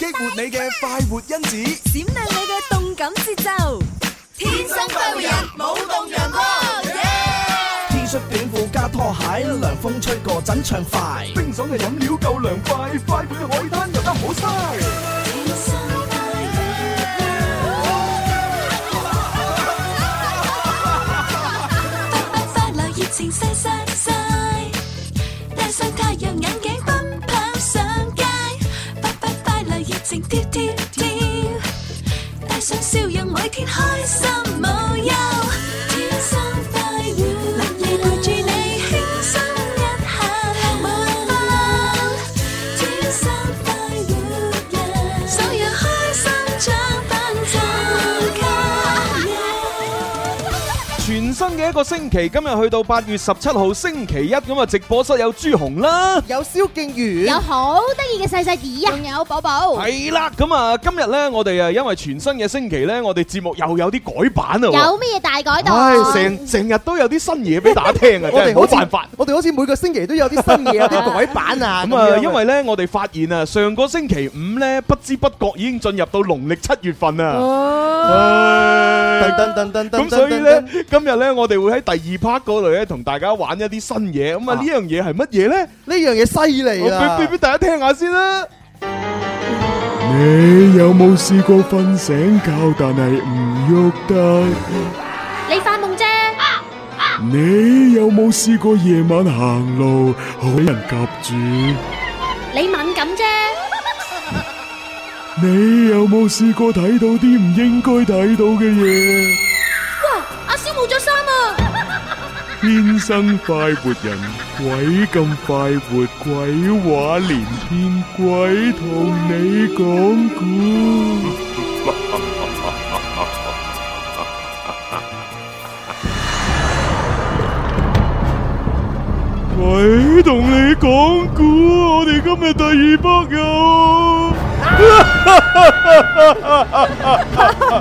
激活你嘅快活因子，閃亮你嘅動感節奏，Yeah! 天生快活人，舞動陽光，yeah！T 恤短褲加拖鞋，涼風吹過真暢快，冰爽嘅飲料夠涼快，快活嘅海灘又得唔好嘥。跳跳跳，帶上笑容，每天開心無憂。個星期今日去到八月十七號星期一咁啊！直播室有朱紅啦，有蕭敬語，有好得意嘅細細耳啊，仲有寶寶係啦！咁啊，今日咧我哋誒，因為全新嘅星期咧，我哋節目又有啲改版啊！有咩大改動？係成成日都有啲新嘢俾大家聽啊！我哋好冇辦法，我哋好似每個星期都有啲新嘢，有啲改版啊！咁啊，因為咧我哋發現啊，上個星期五咧不知不覺已經進入到農曆七月份啊！咁所以咧今日咧我哋會。喺第二 part 嗰度咧，同大家玩一啲新嘢。咁啊，呢樣嘢係乜嘢咧？呢樣嘢犀利啊！俾俾大家聽下先啦。你有冇試過瞓醒覺但係唔喐得？你發夢啫。你有冇試過夜晚行路俾人夾住？你敏感啫。你有冇試過睇到啲唔應該睇到嘅嘢？天生快活人，鬼咁快活，鬼話連篇，鬼同你講古， 鬼同你講古。我哋今日第二 part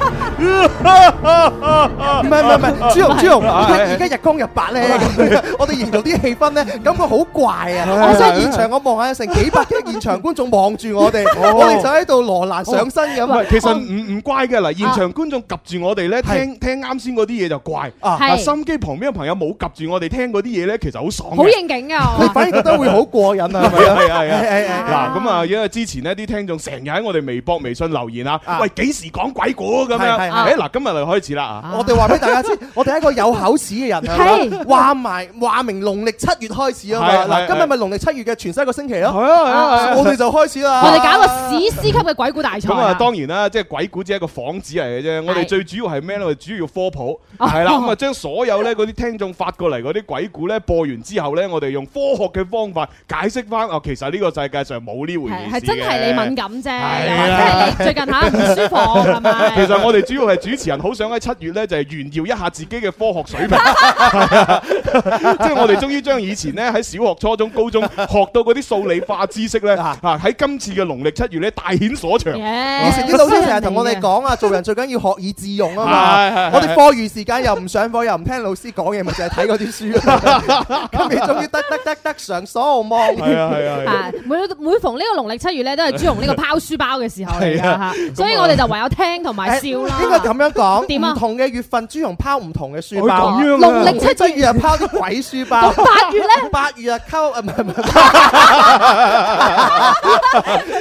又 唔係唔係唔係，朱紅朱紅，而家日光日白咧，我哋而度啲氣氛咧，感覺好怪啊！我喺現場，我望下成幾百嘅現場觀眾望住我哋，我哋就喺度羅蘭上身咁。唔係，其實唔唔怪㗎喇，現場觀眾及住我哋咧，聽聽啱先嗰啲嘢就怪啊！心機旁邊嘅朋友冇及住我哋聽嗰啲嘢咧，其實好爽，好應景噶，你反而覺得會好過癮啊！係啊係啊係啊！嗱咁啊，因為之前咧啲聽眾成日喺我哋微博、微信留言啊，喂，幾時講鬼故咁樣？哎嗱，今日就開始啦啊！我哋話俾大家知，我哋係一個有口齒嘅人，係話埋話明農曆七月開始啊嘛！嗱，今日咪農曆七月嘅全新一個星期咯，係啊係啊！我哋就開始啦，我哋搞個史詩級嘅鬼故大賽。咁啊，當然啦，即係鬼故只係一個幌子嚟嘅啫。我哋最主要係咩咧？我哋主要科普係啦。咁啊，將所有咧嗰啲聽眾發過嚟嗰啲鬼故咧播完之後咧，我哋用科學嘅方法解釋翻啊，其實呢個世界上冇呢回事嘅。係真係你敏感啫，即係你最近嚇唔舒服係咪？其實我哋主主要係主持人好想喺七月咧，就係炫耀一下自己嘅科學水平。即係我哋終於將以前咧喺小學、初中、高中學到嗰啲數理化知識咧，啊喺今次嘅農曆七月咧大顯所長。以前啲老師成日同我哋講啊，做人最緊要學以致用啊嘛。我哋課餘時間又唔上課，又唔聽老師講嘢，咪淨係睇嗰啲書咯。今年終於得得得得償所望。係啊係啊，每每逢呢個農曆七月咧，都係朱紅呢個拋書包嘅時候嚟啦。所以我哋就唯有聽同埋笑啦。咁樣講，唔同嘅月份，朱紅拋唔同嘅書包。農曆七月啊，拋啲鬼書包。八月咧？八月啊，溝啊唔係唔係。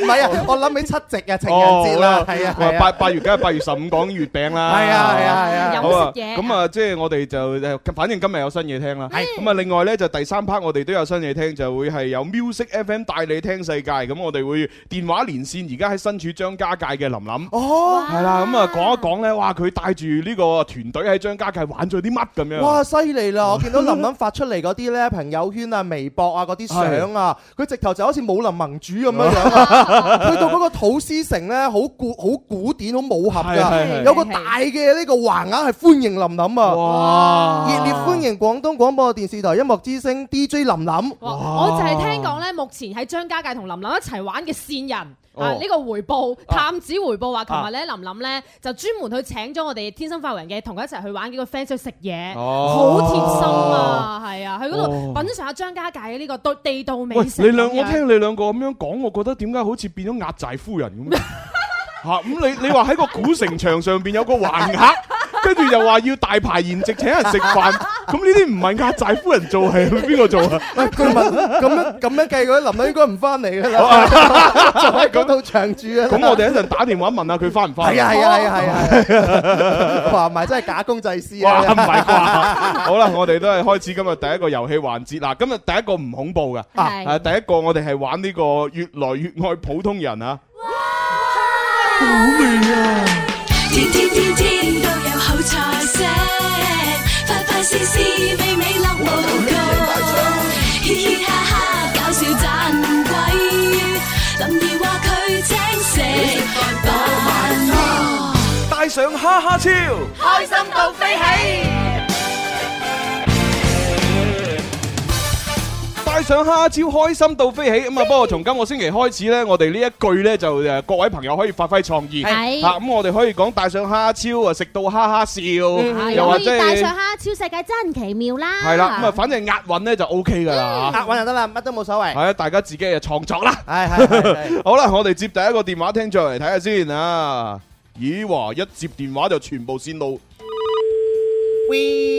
唔係啊，我諗起七夕啊，情人節啦，係啊。八八月梗係八月十五講月餅啦。係啊係啊係啊，好啊。咁啊，即係我哋就，反正今日有新嘢聽啦。係。咁啊，另外咧就第三 part 我哋都有新嘢聽，就會係由 music FM 帶你聽世界。咁我哋會電話連線，而家喺身處張家界嘅琳琳。哦。係啦，咁啊講一講，咧哇！佢帶住呢個團隊喺張家界玩咗啲乜咁樣？哇！犀利啦！我見到林林發出嚟嗰啲咧朋友圈啊、微博啊嗰啲相啊，佢的直頭就好似武林盟主咁樣樣。去到嗰個土司城咧，好古好古典，好武俠噶，的的有個大嘅呢個橫額係歡迎林林啊！哇！熱烈歡迎廣東廣播電視台音樂之聲 DJ 林林。哇我，我就係聽講咧，目前喺張家界同林林一齊玩嘅線人。哦、啊！呢個回報探子回報話，琴日咧林林咧、啊、就專門去請咗我哋天生發福人快活人嘅，同佢一齊去玩幾個 friend 去食嘢，好貼心啊！係、哦、啊，去嗰度品嚐下張家界嘅呢個對地道美食。喂，你兩樣我聽你兩個咁樣講，我覺得點解好似變咗壓寨夫人咁 啊？咁你你話喺個古城牆上邊有個橫額？ 跟住又話要大排筵席請人食飯，咁呢啲唔係壓寨夫人做戲，去邊個做啊？咁樣咁樣計，嗰林女應該唔翻嚟噶啦，到長住啊！咁我哋一陣打電話問下佢翻唔翻？係啊係啊係啊係啊！話埋、啊啊啊啊嗯、真係假公濟私、啊，唔係啩？好啦，我哋都係開始今日第一個遊戲環節嗱、呃，今日第一個唔恐怖噶，係、啊是啊、第一個我哋係玩呢個越來越愛普通人是啊！好味啊！天天天天都有好彩色，快快試試美美樂無窮，嘻嘻哈哈搞笑盞鬼，林義話佢青蛇扮魔，帶上哈哈超，開心到飛起。帶上蝦超開心到飛起咁啊！不過從今個星期開始咧，我哋呢一句咧就誒，各位朋友可以發揮創意。係啊，咁我哋可以講，帶上蝦超啊，食到哈哈笑，又話即係帶上蝦超世界真奇妙啦。係啦，咁啊，反正押韻咧就 OK 噶啦，押韻就得啦，乜都冇所謂。係啊，大家自己啊創作啦。係係係。好啦，我哋接第一個電話，聽著嚟，睇下先啊。咦，話一接電話就全部線路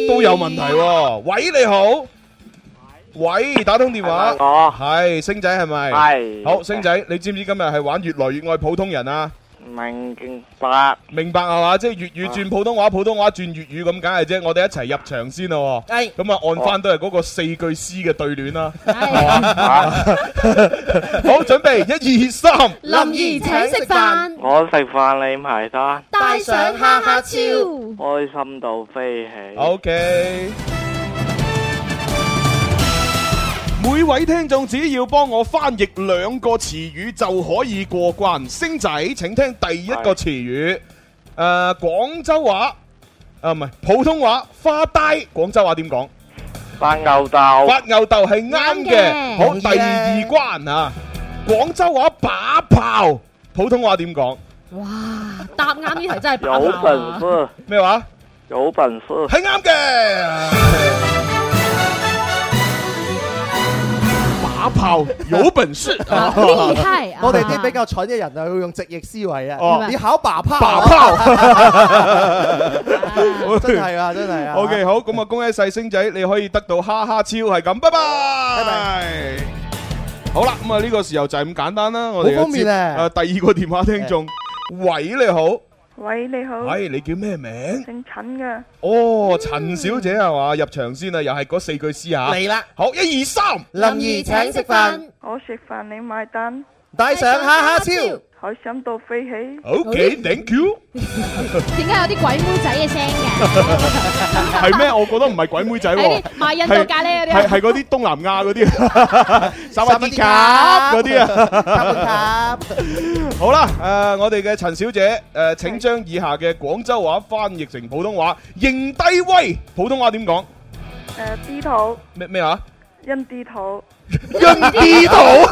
都有問題喎。喂，你好。喂，打通電話，係星仔係咪？係，好星仔，你知唔知今日係玩越來越愛普通人啊？明白，明白係嘛？即係粵語轉普通話，普通話轉粵語咁，梗係啫。我哋一齊入場先咯。係，咁啊按翻都係嗰個四句詩嘅對聯啦。好，準備，一二三，林兒請食飯，我食飯你埋單，帶上夏夏超，開心到飛起。OK。每位聽眾只要幫我翻譯兩個詞語就可以過關。星仔，請聽第一個詞語。誒是，廣、呃、州話，啊唔係普通話，發呆。廣州話點講？發吽哣。發吽哣係啱嘅，的好第二關啊！廣的州話把炮，普通話點講？哇，答啱呢題真係 有本事嘯。咩話麼？有本事。係啱嘅。 跑有本事，厲害！我哋啲比較蠢嘅人啊，要用直譯思維啊。你考爸炮，爸炮，真係啊，真係啊。OK，好，咁啊，恭喜細星仔，你可以得到哈哈超，係咁，拜拜，拜拜 好啦，咁啊，呢個時候就係咁簡單啦。我哋。好方便啊。第二個電話聽眾，喂，你好。喂，你好。喂、哎，你叫咩名？姓陳㗎。哦，陳、嗯、小姐係嘛？入場先啊，又係嗰四句詩吓。嚟啦了，好，一二三，林兒請食飯。我食飯，你買單。戴上哈哈超，開心到飛起。好嘅，okay，thank you。點解有啲鬼妹仔嘅聲嘅？係 咩？ 我覺得唔係鬼妹仔喎。係賣 印度咖喱嗰啲。係係嗰啲東南亞嗰啲。炒米粉嗰啲啊。 好啦，誒，呃，我哋嘅陳小姐，誒，呃，請將以下嘅廣州話翻譯成普通話。認低威，普通話點講？誒，呃，低頭。咩咩啊？因低頭。潤啲土，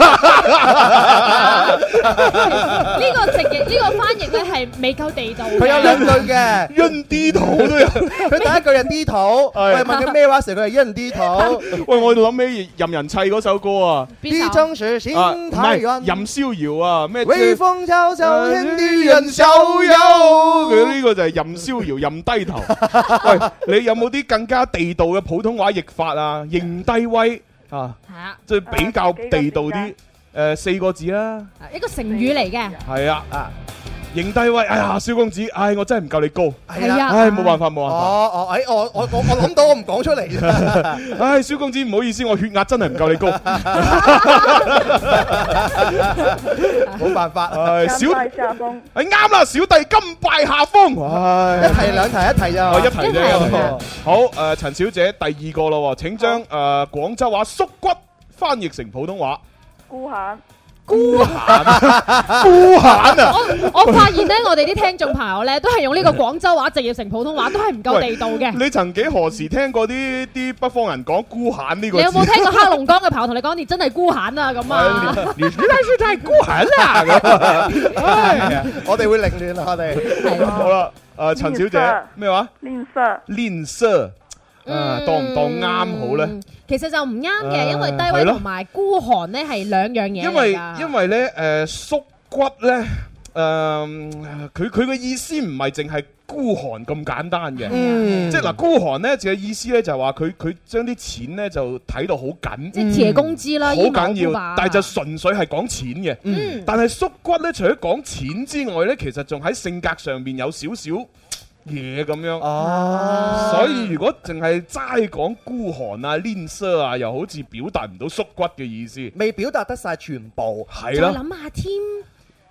呢個直譯呢個翻譯咧，係未夠地道。佢有兩句嘅，潤啲土，佢第一句係啲土。喂，問佢咩話時佢係潤啲土？喂，我諗起任人砌嗰首歌啊。邊城是先，太遠，任逍遙啊！咩微風蕭蕭天地任逍遙。佢呢個就係任逍遙，任低頭。喂，你有冇啲更加地道嘅普通話譯法啊？認低威啊！係即係比較地道啲，誒四個字啦，一個成語嚟嘅。係啊啊，認低威，哎呀，蕭公子，哎，我真係唔夠你高，係啊，哎，冇辦法冇辦法，哦哦，哎，我我我我諗到，我唔講出嚟，唉，蕭公子，唔好意思，我血壓真係唔夠你高，冇辦法，哎，小弟，下風，哎啱啦，小弟甘拜下風，哎，一題兩題，一題咋，一題啫，好，誒，陳小姐第二個咯，請將誒廣州話縮骨。翻譯成普通話。孤寒，孤寒，孤寒啊！我我發現咧，我哋啲聽眾朋友咧，都係用呢個廣州話直譯成普通話，都係唔夠地道嘅。你曾幾何時聽過啲啲北方人講孤寒呢個？你有冇聽過黑龍江嘅朋友同你講，你真係孤寒啊咁啊？你點解真係孤寒啊？我哋會凌亂啊！我哋、 啊、 好啦，誒、呃，陳小姐，咩話色？吝嗇，吝嗇？色嗯，當唔當啱好咧？其實就唔啱嘅，呃、因為低位同埋孤寒咧係兩樣嘢。因為因為咧，誒、呃、縮骨咧，誒佢佢嘅意思唔係淨係孤寒咁簡單嘅。嗯，即係嗱、呃，孤寒咧就係意思咧就係話佢佢將啲錢咧就睇到好緊，嗯、即係借工資啦，好緊、嗯、要。但係就純粹係講錢嘅。嗯，但係縮骨咧，除咗講錢之外咧，其實仲喺性格上面有少少。嘢咁樣，啊、所以如果淨係齋講孤寒啊、吝嗇啊，又好似表達唔到縮骨嘅意思，未表達得晒全部，係咯，再諗下添。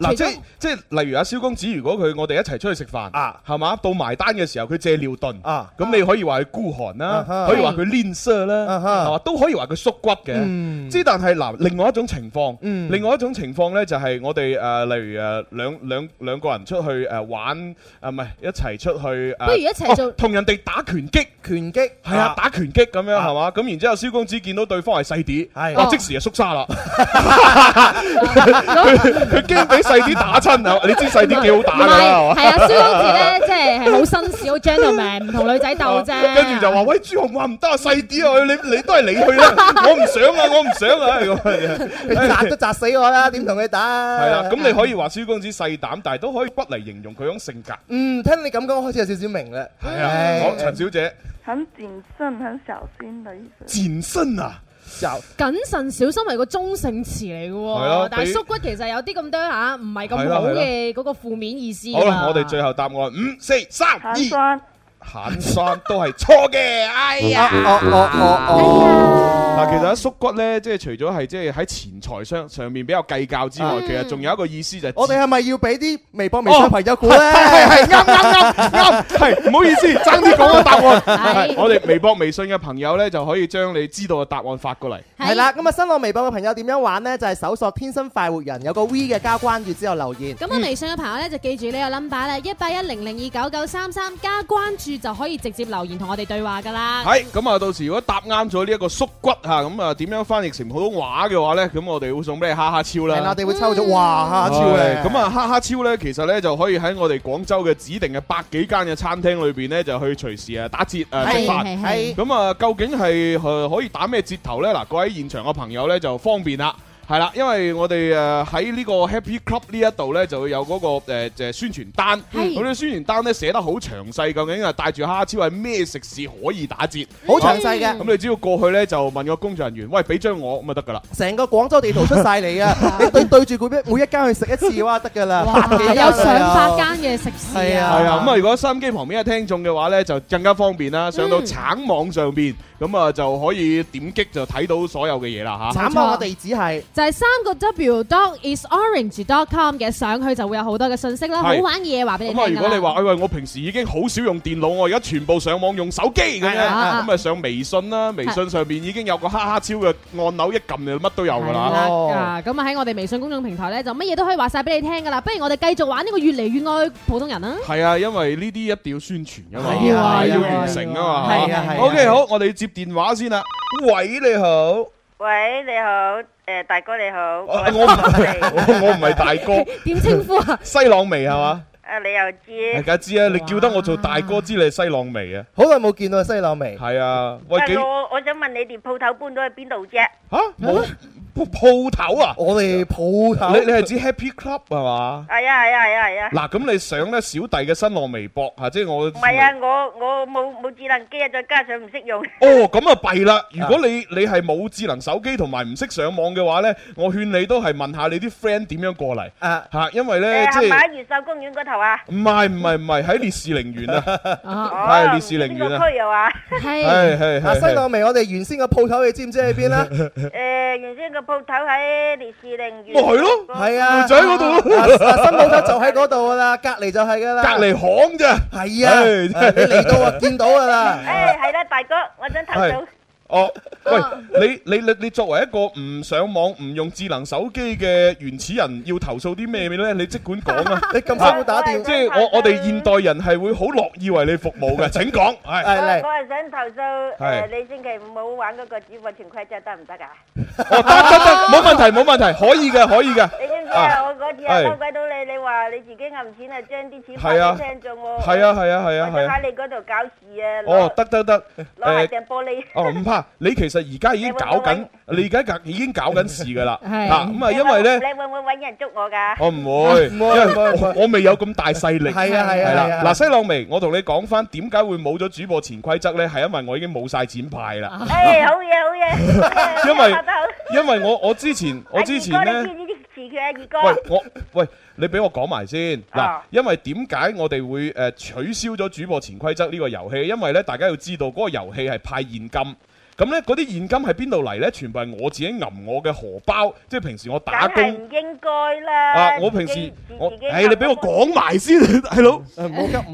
嗱，即即例如阿蕭公子，如果佢我哋一齊出去食飯啊，係嘛，到埋單嘅時候，佢借尿遁啊，咁你可以話佢孤寒啦，可以話佢吝嗇啦，係都可以話佢縮骨嘅。即但係嗱，另外一種情況，另外一種情況咧，就係我哋誒，例如誒兩兩兩個人出去誒玩啊，唔係一齊出去，不如一齊做同人哋打拳擊，拳擊係啊，打拳擊咁樣係嘛，咁然之後蕭公子見到對方係細啲，係，即時就縮沙啦，佢驚俾。細啲打親啊！你知細啲幾好打啦，係啊，蘇公子咧，即係係好紳士，好 gentleman，唔同女仔鬥啫。跟住就話：喂，朱紅話唔得，啊，細啲啊！你你都係你去啦，我唔想啊，我唔想啊，係咁嘅，砸都砸死我啦！點同佢打？係啦，咁你可以話蘇公子細膽，但係都可以不嚟，形容佢種性格。嗯，聽你咁講，我開始有少少明啦。係啊，好陳小姐，很謹慎，很小心的謹身啊。謹慎小心係個中性詞嚟嘅，啊、但係縮骨其實有啲咁多嚇，唔係咁好嘅嗰、啊啊、個負面意思。好啦，我哋最後答案五、四、三、二。行山都係錯嘅，哎呀！嗱，其實喺縮骨咧，即係除咗係即係喺錢財上上面比較計較之外，其實仲有一個意思就係我哋係咪要俾啲微博微信朋友估咧？係係係，啱啱啱啱，係唔好意思，爭啲講個答案。我哋微博微信嘅朋友咧，就可以將你知道嘅答案發過嚟。係啦，咁啊新浪微博嘅朋友點樣玩咧？就係搜索天生快活人，有個 V 嘅加關注之後留言。咁啊微信嘅朋友咧就記住呢個 number 啦，一八一零零二九九三三加關注。就可以直接留言同我哋對話噶啦。係，咁啊，到時如果答啱咗呢一個縮骨吓，咁啊，點樣翻譯成普通話嘅話咧，咁我哋會送俾你哈哈超啦。係、嗯，我哋會抽咗哇哈哈超嘅。咁啊， 哈哈超咧，其實咧就可以喺我哋廣州嘅指定嘅百幾間嘅餐廳裏邊咧，就去隨時啊打折誒食飯。係係。咁啊，究竟係可以打咩折頭咧？嗱，各位現場嘅朋友咧就方便啦。係啦，因為我哋誒喺呢個 Happy Club 呢一度咧，就會有嗰、那個誒即、呃呃呃、宣傳單。咁呢的宣傳單咧寫得好詳細，究竟啊帶住哈超係咩食肆可以打折？好詳細嘅。咁、嗯、你只要過去咧就問個工作人員，喂俾張我咁啊得噶啦。成個廣州地圖出晒嚟啊！你對對住每每一間去食一次哇，得噶啦。有上百間嘅食肆。係啊係啊，咁啊如果收音機旁邊嘅聽眾嘅話咧，就更加方便啦。上到橙網上邊，咁啊、嗯、就可以點擊就睇到所有嘅嘢啦吓。橙網嘅地址係。錯就係三個 w dot is orange dot com 嘅，上去就會有好多嘅信息啦，好玩嘅嘢話俾你聽啦。咁啊，如果你話哎喂，我平時已經好少用電腦，我而家全部上網用手機咁樣，咁啊上微信啦，微信上面已經有個哈哈超嘅按鈕，一撳就乜都有噶啦。啊，咁啊喺我哋微信公眾平台咧，就乜嘢都可以話曬俾你聽噶啦。不如我哋繼續玩呢個越嚟越愛普通人啦。係啊，因為呢啲一定要宣傳噶嘛，要完成噶嘛。係啊係。OK，好，我哋接電話先啦。喂，你好。喂，你好。誒，大哥你好，我唔係我唔係大哥，點稱呼啊？西朗眉係嘛？啊，你又知？大家知啊，你叫得我做大哥，知你係西朗眉啊！好耐冇見到西朗眉，係啊，喂，我我想問你哋鋪頭搬咗去邊度啫？吓，冇。鋪頭啊！我哋鋪頭，你你係指 Happy Club 係嘛？係啊係啊係啊係啊！嗱，咁你上咧小弟嘅新浪微博嚇，即係我。唔係啊！我我冇冇智能機啊，再加上唔識用。哦，咁啊弊啦！如果你你係冇智能手機同埋唔識上網嘅話咧，我勸你都係問下你啲 friend 點樣過嚟嚇，因為咧即係喺越秀公園嗰頭啊？唔係唔係唔係，喺烈士陵園啊，係烈士陵園啊。邊個區又話？係係係。嗱，西朗味我哋原先嘅鋪頭，你知唔知喺邊咧？誒，原先嘅。鋪頭喺烈士陵園，係咯，係、哦、啊，湖仔嗰度咯，新鋪頭就喺嗰度噶啦，隔籬就係噶啦，隔籬巷啫，係啊，你嚟到啊，見到噶啦，誒、 哎，係啦、啊，大哥，我想睇到。哦，喂，你你你你作為一個唔上網、唔用智能手機嘅原始人，要投訴啲咩咧？你即管講啊！你咁辛苦打電話，即係我我哋現代人係會好樂意為你服務嘅。請講，係嚟。我我係想投訴誒，你星期五冇玩嗰個主播團體賽得唔得㗎？哦，得得得，冇問題冇問題，可以嘅可以嘅。啊！我嗰次啊，收鬼到你，你話你自己揞錢啊，將啲錢翻翻聽眾喎，係啊係啊係啊，或者喺你嗰度搞事啊？哦，得得得，攞下頂玻璃。哦，唔怕，你其實而家已經搞緊，你而家已已經搞緊事噶啦。係啊，咁啊，因為咧，你會唔會搵人捉我噶？我唔會，唔會，因為我未有咁大勢力。係啊係啊係啦。嗱，西朗薇，我同你講翻，點解會冇咗主播潛規則咧？係因為我已經冇晒錢派啦。誒，好嘢好嘢。因為，因為我我之前我之前咧。喂，我喂，你俾我講埋先嗱，因為點解我哋會誒、呃、取消咗主播潛規則呢個遊戲？因為咧，大家要知道嗰個遊戲係派現金。咁咧，嗰啲現金係邊度嚟咧？全部係我自己揜我嘅荷包，即係平時我打工。梗係唔應該啦！啊，我平時我，誒，你俾我講埋先，係咯。就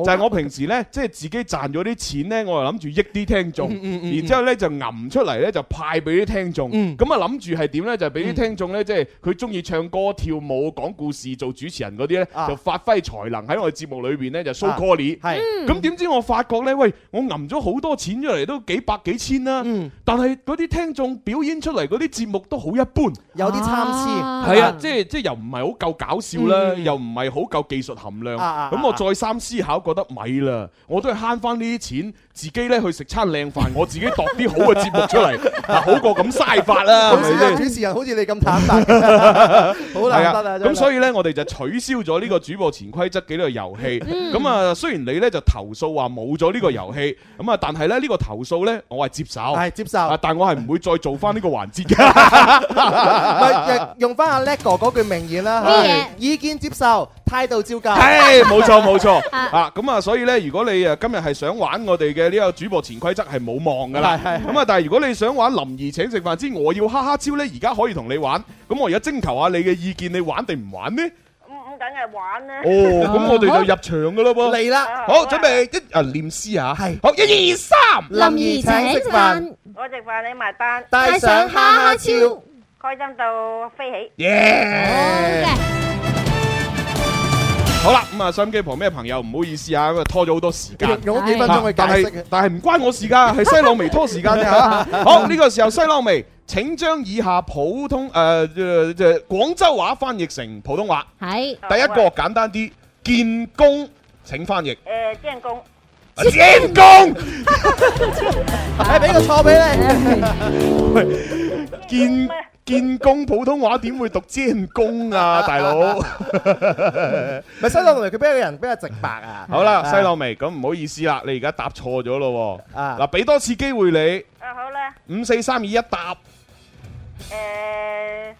係我平時咧，即係自己賺咗啲錢咧，我又諗住益啲聽眾，然之後咧就揜出嚟咧就派俾啲聽眾。咁啊諗住係點咧？就俾啲聽眾咧，即係佢中意唱歌、跳舞、講故事、做主持人嗰啲咧，就發揮才能喺我嘅節目裏邊咧就 show 嗰啲。咁點知我發覺咧，喂，我揜咗好多錢出嚟，都幾百幾千啦。但係嗰啲聽眾表演出嚟嗰啲節目都好一般，有啲參差，係啊，吧嗯、即係即係又唔係好夠搞笑啦，嗯、又唔係好夠技術含量。咁、啊啊啊啊啊、我再三思考，覺得咪啦，我都係慳翻呢啲錢，自己咧去食餐靚飯，我自己度啲好嘅節目出嚟，嗱好過咁嘥法啦。主持 人好似你咁坦白，好難得啦。咁、啊、最難 所以呢， 我哋就取消咗呢個主播潛規則嘅呢個遊戲。咁、嗯、啊，雖然你呢就投訴話冇咗呢、這個遊戲，咁啊，但係咧呢個投訴呢，我係接受，係接受。但我係唔會再做翻呢個環節嘅。 用翻阿叻哥嗰句名言啦，意見接受。態度照舊，係冇錯冇錯啊！咁啊，所以咧，如果你啊今日係想玩我哋嘅呢個主播潛規則係冇望噶啦，咁啊，但係如果你想玩林怡請食飯之我要哈哈超咧，而家可以同你玩，咁我而家徵求下你嘅意見，你玩定唔玩咧？咁咁梗係玩啦！哦，咁我哋就入場噶咯噃嚟啦！好，準備一啊念詩啊，係好，一二三，林怡請食飯，我食飯你埋單，帶上哈哈超，開心到飛起，Yes！好啦，咁啊，收音機旁咩朋友？唔好意思啊，拖咗好多時間，用咗幾分鐘去解釋，但係唔關我事㗎，係西佬未拖時間啫、啊、好，呢、這個時候西佬未，請將以下普通誒即係廣州話翻譯成普通話。係。第一個簡單啲，見工，請翻譯、uh,。誒、okay.，見工、啊。見工。係俾個錯俾你。喂，見。尖功普通話點會讀尖功啊？大佬咪 西落眉，佢比較人比較直白啊。好啦，西落眉，咁唔、啊、好意思啦，你而家答錯咗咯。啊，啊，嗱，俾多次機會你。啊好啦，五四三二一答。誒、欸。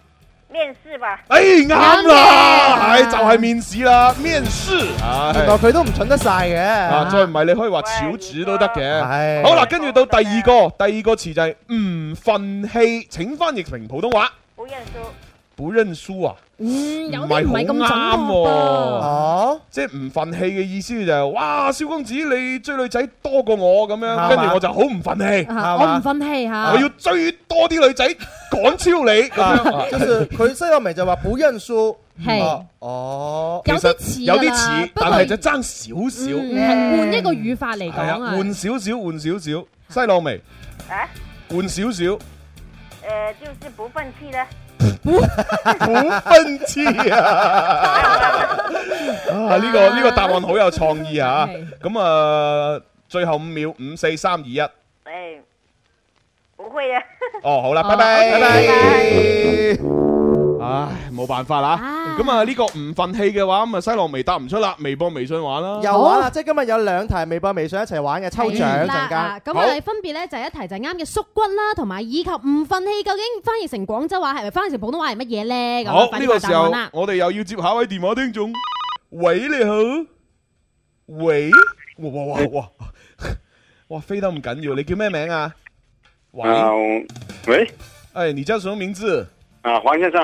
面試吧，哎啱啦，係就係面試啦，面試啊，但佢都唔蠢得晒嘅，啊再唔係你可以話求職都得嘅，係，哎哎、好啦，跟住到第二個，嗯、第二個詞就係唔忿氣，嗯、請翻譯成普通話。唔認輸啊！有啲唔係咁啱喎，即係唔憤氣嘅意思就係，哇！蕭公子你追女仔多過我咁樣，跟住我就好唔憤氣，我唔憤氣嚇，我要追多啲女仔趕超你咁樣。即係佢西朗眉就話：唔認輸。係，哦，有啲似，有啲似，但係就爭少少。係換一個語法嚟講啊，換少少，換少少。西朗眉啊，換少少。誒，就係唔憤氣咧。五 分支次啊， 啊！啊、這個，呢個呢個答案好有創意啊！咁 是啊，最後五秒，五四三二一。誒、欸，唔會啊！哦，好啦， 拜拜，哦、okay，拜拜。拜拜。唉，冇辦法啦。咁啊呢個唔憤氣嘅話，咁啊新浪微博答唔出啦，微博微信玩啦。又玩啦，即係今日有兩題微博微信一齊玩嘅抽獎啦。咁我哋分別咧就一題就啱嘅縮骨啦，同埋以及唔憤氣究竟翻譯成廣州話係咪翻譯成普通話係乜嘢咧？咁好，呢個時候我哋又要接下位電話聽眾。喂，你好。喂？哇哇哇哇！哇飛得唔緊要，你叫咩名啊？黃喂，誒，你叫什麼名字？啊，黃先生。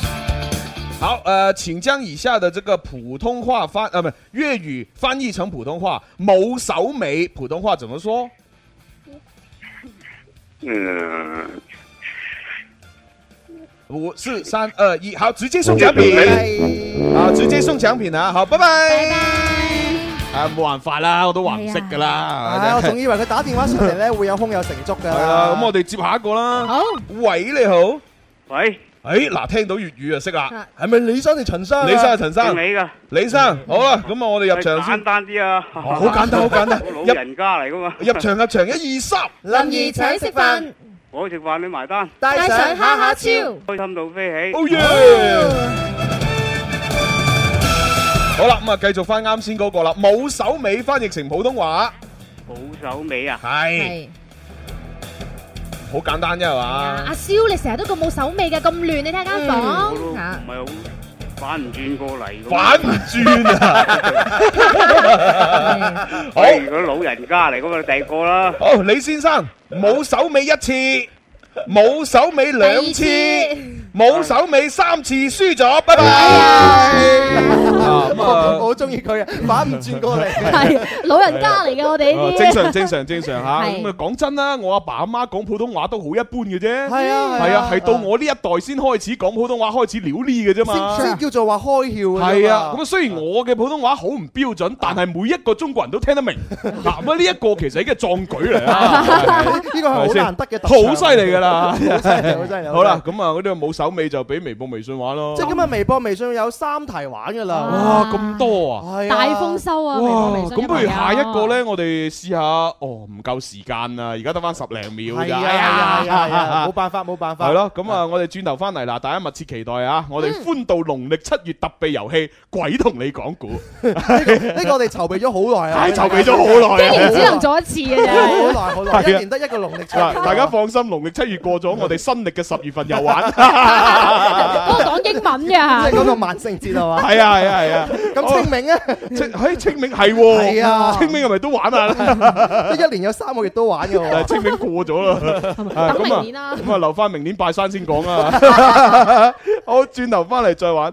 好，誒、呃，請將以下的這個普通話翻，唔、啊、不，粵語翻譯成普通話。冇手尾。普通話怎麼說？嗯，五四三二一，好，直接送獎品，啊、嗯拜，直接送獎品啊，好，拜拜。拜拜啊，冇辦法啦，我都話唔識噶啦。我仲以為佢打電話出嚟咧會有胸有成竹噶。係啊，咁我哋接下一個啦。好、哦，喂，你好，喂。誒，嗱，聽到粵語就，識啦，係咪李生定陳生？李生係，陳生。尾噶。李生，好啦，咁啊，我哋入場先。簡單啲啊，好簡單，好簡單。老人家嚟噶嘛。入場入場一二三。林兒請食飯。我食飯你埋單。帶上哈哈超。開心到飛起。哦耶！好啦，咁啊，繼續翻啱先嗰個啦，冇手尾翻譯成普通話。冇手尾啊？係。好簡單啫係、啊嗯、嘛？阿蕭，你成日都咁冇手尾嘅，咁亂，你睇下間房，唔係好反唔轉過嚟，反唔轉啊！好，如果老人家嚟嗰個你第二個啦。好，李先生冇手尾一次，冇手尾兩次，冇 手尾三次輸，輸咗，拜拜。哎啊！我好中意佢，玩唔轉過嚟，係老人家嚟嘅，我哋正常，正常，正常吓。咁啊，講真啦，我阿爸阿媽講普通話都好一般嘅啫。係啊，係啊，係到我呢一代先開始講普通話，開始撩呢嘅啫嘛。先叫做話開竅啊。係啊。咁啊，雖然我嘅普通話好唔標準，但係每一個中國人都聽得明。嗱，咁呢一個其實已經係壯舉嚟啦。呢個係好難得嘅，好犀利噶啦。好犀利，好犀利。好啦，咁啊，嗰啲冇首尾就俾微博、微信玩咯。即係今日微博、微信有三題玩噶啦。哇，咁多啊！大豐收啊！哇，咁不如下一個呢，我哋試下哦，唔夠時間啊，而家得翻十零秒咋？係啊，係啊，冇辦法，冇辦法。係咯，咁啊，我哋轉頭翻嚟啦，大家密切期待啊！我哋歡度農曆七月特備遊戲，鬼同你講古！呢個我哋籌備咗好耐啊，籌備咗好耐，今年只能做一次嘅啫，好耐好耐，一年得一個農曆。大家放心，農曆七月過咗，我哋新曆嘅十月份又玩。嗰個講英文嘅，講到萬聖節啊嘛。係啊，係啊。係啊，咁清明咧？哎，清明係，係啊，清明係咪都玩啊？即一年有三個月都玩嘅。清明過咗啦，咁啊，咁啊，留翻明年拜山先講啊。好，轉頭翻嚟，再玩。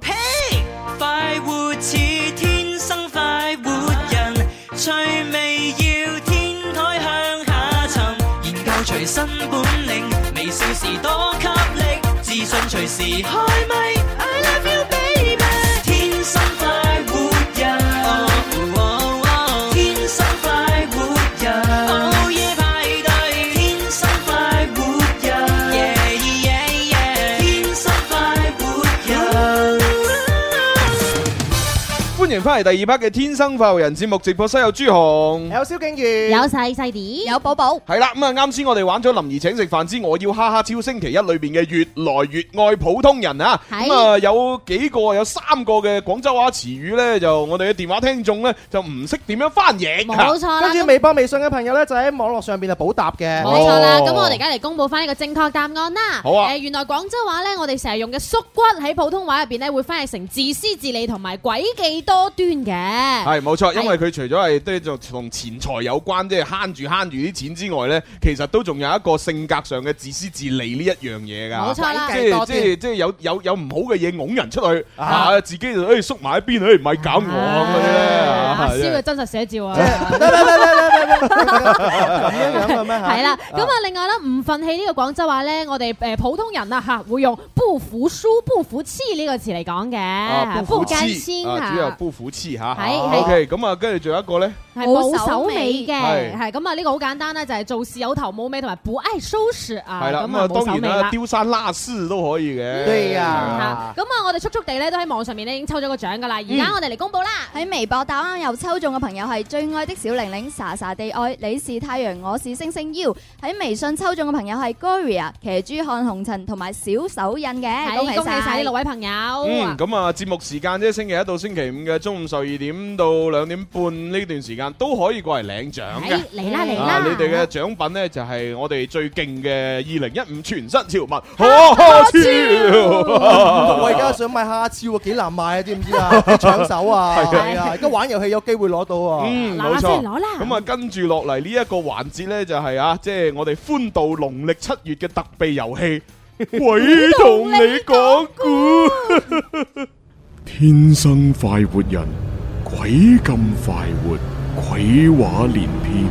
快活似天生快活人，趣味要天台向下沉。研究隨身本領，微笑時多吸力，自信隨時開咪。係第二 part 嘅《天生快活人》節目直播室，有朱紅，有蕭敬堯，有細細啲，有寶寶。係啦，咁、嗯、啊，啱先我哋玩咗林兒請食飯之我要哈哈超星期一裏邊嘅越來越愛普通人啊。咁啊是、嗯，有幾個有三個嘅廣州話詞語呢，就我哋嘅電話聽眾呢，就唔識點樣翻譯，啊。冇錯，跟住微博微信嘅朋友呢，就喺網絡上邊啊補答嘅。冇錯啦，咁、哦、我哋而家嚟公布翻一個正確答案啦。好啊，呃、原來廣州話呢，我哋成日用嘅縮骨喺普通話入邊呢，會翻譯成自私自利同埋詭計多。端嘅係冇錯，因為佢除咗係即係同錢財有關，即係慳住慳住啲錢之外咧，其實都仲有一個性格上嘅自私自利呢一樣嘢噶，冇錯啦，即係即係即係有有有唔好嘅嘢㧬人出去，吓、啊、自己就誒縮埋一邊，誒唔係搞我咁嘅嘅真實寫照啊！係啦，咁啊，另外咧唔憤氣呢個廣州話咧，我哋誒普通人啊吓會用不服輸、不服氣」呢個詞嚟講嘅，不甘先」。好黐嚇，係 OK，咁啊，跟住仲有一個咧，冇手尾嘅，係，係咁啊，呢個好簡單啦，就係做事有頭冇尾同埋，哎，social 啊，係啦，咁啊，當然啦，丟三落四都可以嘅，對啊，咁啊，我哋速速地咧都喺網上面咧已經抽咗個獎噶啦，而家我哋嚟公佈啦，喺微博答啱又抽中嘅朋友係最愛的小玲玲，傻傻地愛，你是太陽，我是星星，U 喺微信抽中嘅朋友係 Gloria，騎豬看紅塵同埋小手印嘅，恭喜曬呢六位朋友，嗯，咁啊，節目時間啫，星期一到星期五嘅中。五十二點到兩點半呢段時間都可以過嚟領獎嘅，嚟啦嚟啦！你哋嘅獎品呢就係我哋最勁嘅二零一五全新潮物，蝦超！我而家想買蝦超啊，幾難買啊，知唔知啊？搶手啊！係啊，而家玩遊戲有機會攞到啊！嗯，冇錯。咁啊，跟住落嚟呢一個環節呢，就係啊，即係我哋歡度農曆七月嘅特備遊戲，鬼同你講故。天生快活人，鬼咁快活，鬼話連篇，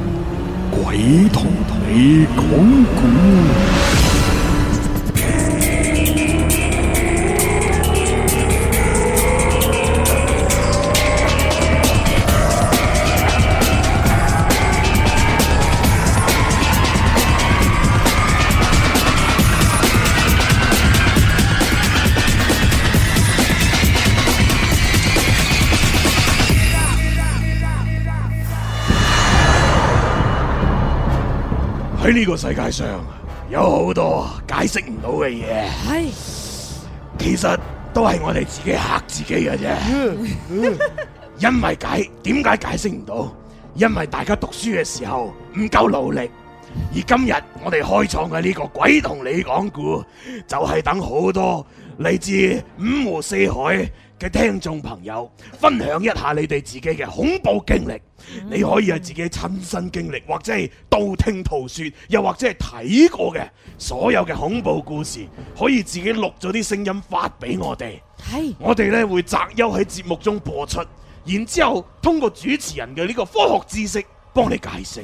鬼同你講古。呢個世界上有好多解釋唔到嘅嘢，係其實都係我哋自己嚇自己嘅啫。 因為解點解解釋唔到？因為大家讀書嘅時候唔夠努力。而今日我哋開創嘅呢個鬼同你講故，就係等好多嚟自五湖四海嘅聽眾朋友，分享一下你哋自己嘅恐怖經歷。你可以係自己親身經歷，或者係道聽途說，又或者係睇過嘅所有嘅恐怖故事，可以自己錄咗啲聲音發俾我哋。係，我哋咧會擇優喺節目中播出，然之後通過主持人嘅呢個科學知識幫你解釋。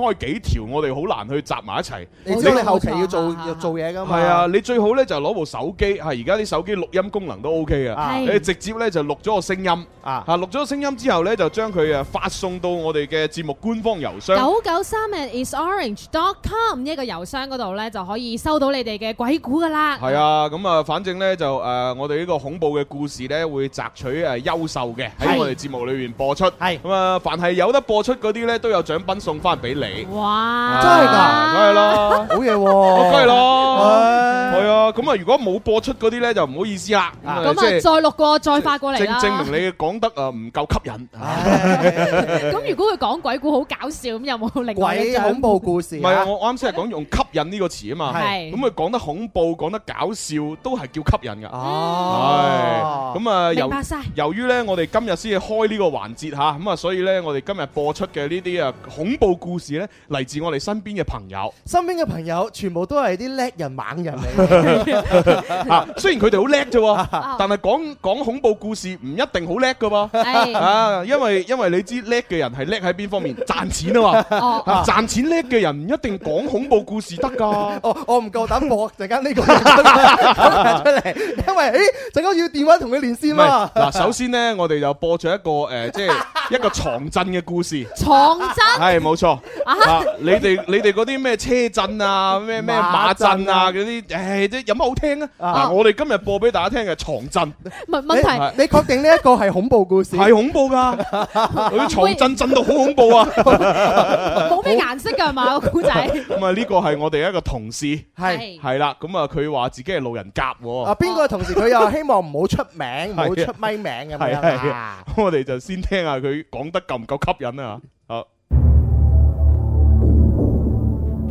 開幾條我哋好難去集埋一齊，你知後期要做要做嘢噶嘛？係啊，你最好咧就攞部手機，係而家啲手機錄音功能都 OK 嘅，你直接咧就錄咗個聲音啊，吓錄咗個聲音之後咧就將佢啊發送到我哋嘅節目官方郵箱九九三 @isorange.com 呢個郵箱嗰度咧就可以收到你哋嘅鬼故噶啦。係啊，咁啊，反正咧就誒，我哋呢個恐怖嘅故事咧會摘取誒優秀嘅喺我哋節目裏邊播出，係咁啊，凡係有得播出嗰啲咧都有獎品送翻俾你。哇！真係噶，梗係咯，好嘢喎，梗係咯，係啊。咁啊，如果冇播出嗰啲咧，就唔好意思啦。咁啊，再錄過，再發過嚟啦。證明你講得啊，唔夠吸引。咁如果佢講鬼故好搞笑，咁有冇靈鬼恐怖故事？唔係啊，我啱先係講用吸引呢個詞啊嘛。係。咁佢講得恐怖，講得搞笑，都係叫吸引嘅。哦，係。咁啊，由由於咧，我哋今日先至開呢個環節吓，咁啊，所以咧，我哋今日播出嘅呢啲啊，恐怖故事。嚟自我哋身邊嘅朋友，身邊嘅朋友全部都係啲叻人猛人嚟。 啊，雖然佢哋好叻啫，哦、但係講講恐怖故事唔一定好叻噶。哎、啊，因為因為你知叻嘅人係叻喺邊方面，賺 錢啊嘛。賺、哦啊、錢叻嘅人唔一定講恐怖故事得噶。我唔夠膽播陣間呢個出嚟，因為誒陣間要電話同佢連線嘛。嗱、嗯，首先呢，我哋就播咗一個誒，即係一個藏陣嘅故事。藏陣？係，冇錯。啊！你哋你哋嗰啲咩車震啊，咩咩馬震啊嗰啲，誒，即有乜好聽啊？嗱，我哋今日播俾大家聽嘅床震」。唔係問題，你確定呢一個係恐怖故事？係恐怖噶，佢床震震到好恐怖啊！冇咩顏色噶係嘛，古仔。咁啊，呢個係我哋一個同事，係係啦。咁啊，佢話自己係路人甲。啊，邊個同事？佢又希望唔好出名，唔好出咪名咁樣啊。我哋就先聽下佢講得夠唔夠吸引啊！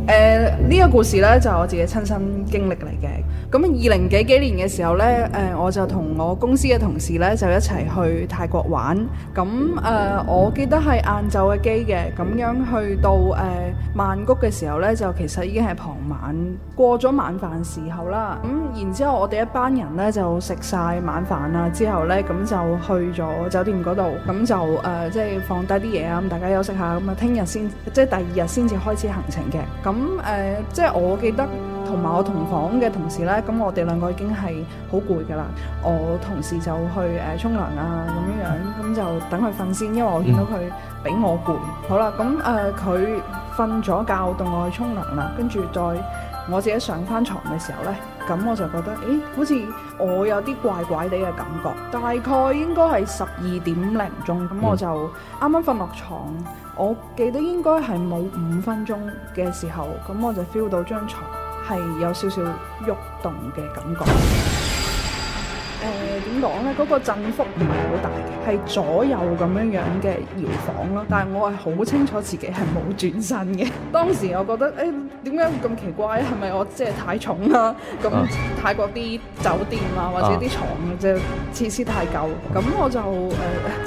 誒呢、呃呢個故事呢，就係、我自己親身經歷嚟嘅。咁二零幾幾年嘅時候呢，誒、呃、我就同我公司嘅同事呢，就一齊去泰國玩。咁誒、呃，我記得係晏晝嘅機嘅，咁樣去到誒、呃、曼谷嘅時候呢，就其實已經係傍晚過咗晚飯時候啦。咁然之後，我哋一班人呢，就食晒晚飯啦。之後呢，咁就去咗酒店嗰度，咁就誒即係放低啲嘢啊，咁大家休息下，咁啊聽日先，即、就、係、是、第二日先至開始行程嘅。咁咁誒、嗯呃，即係我記得同埋我同房嘅同事呢，咁、嗯、我哋兩個已經係好攰噶啦。我同事就去誒沖涼啊，咁樣樣，咁、嗯、就等佢瞓先，因為我見到佢比我攰。嗯、好啦，咁誒佢瞓咗覺，我、呃、到我去沖涼啦。跟住再我自己上翻床嘅時候呢，咁、嗯、我就覺得，誒、欸，好似我有啲怪怪地嘅感覺。大概應該係十二點零鐘，咁、嗯嗯、我就啱啱瞓落床。我記得應該係冇五分鐘嘅時候，咁我就 feel 到張床係有少少喐動嘅感覺。誒，點講呢？嗰個振幅唔係好大，係左右咁樣樣嘅搖晃咯。但係我係好清楚自己係冇轉身嘅。當時我覺得誒，點解咁奇怪啊？係咪我即係太重啦？咁泰國啲酒店啊，或者啲床即係設施太舊，咁我就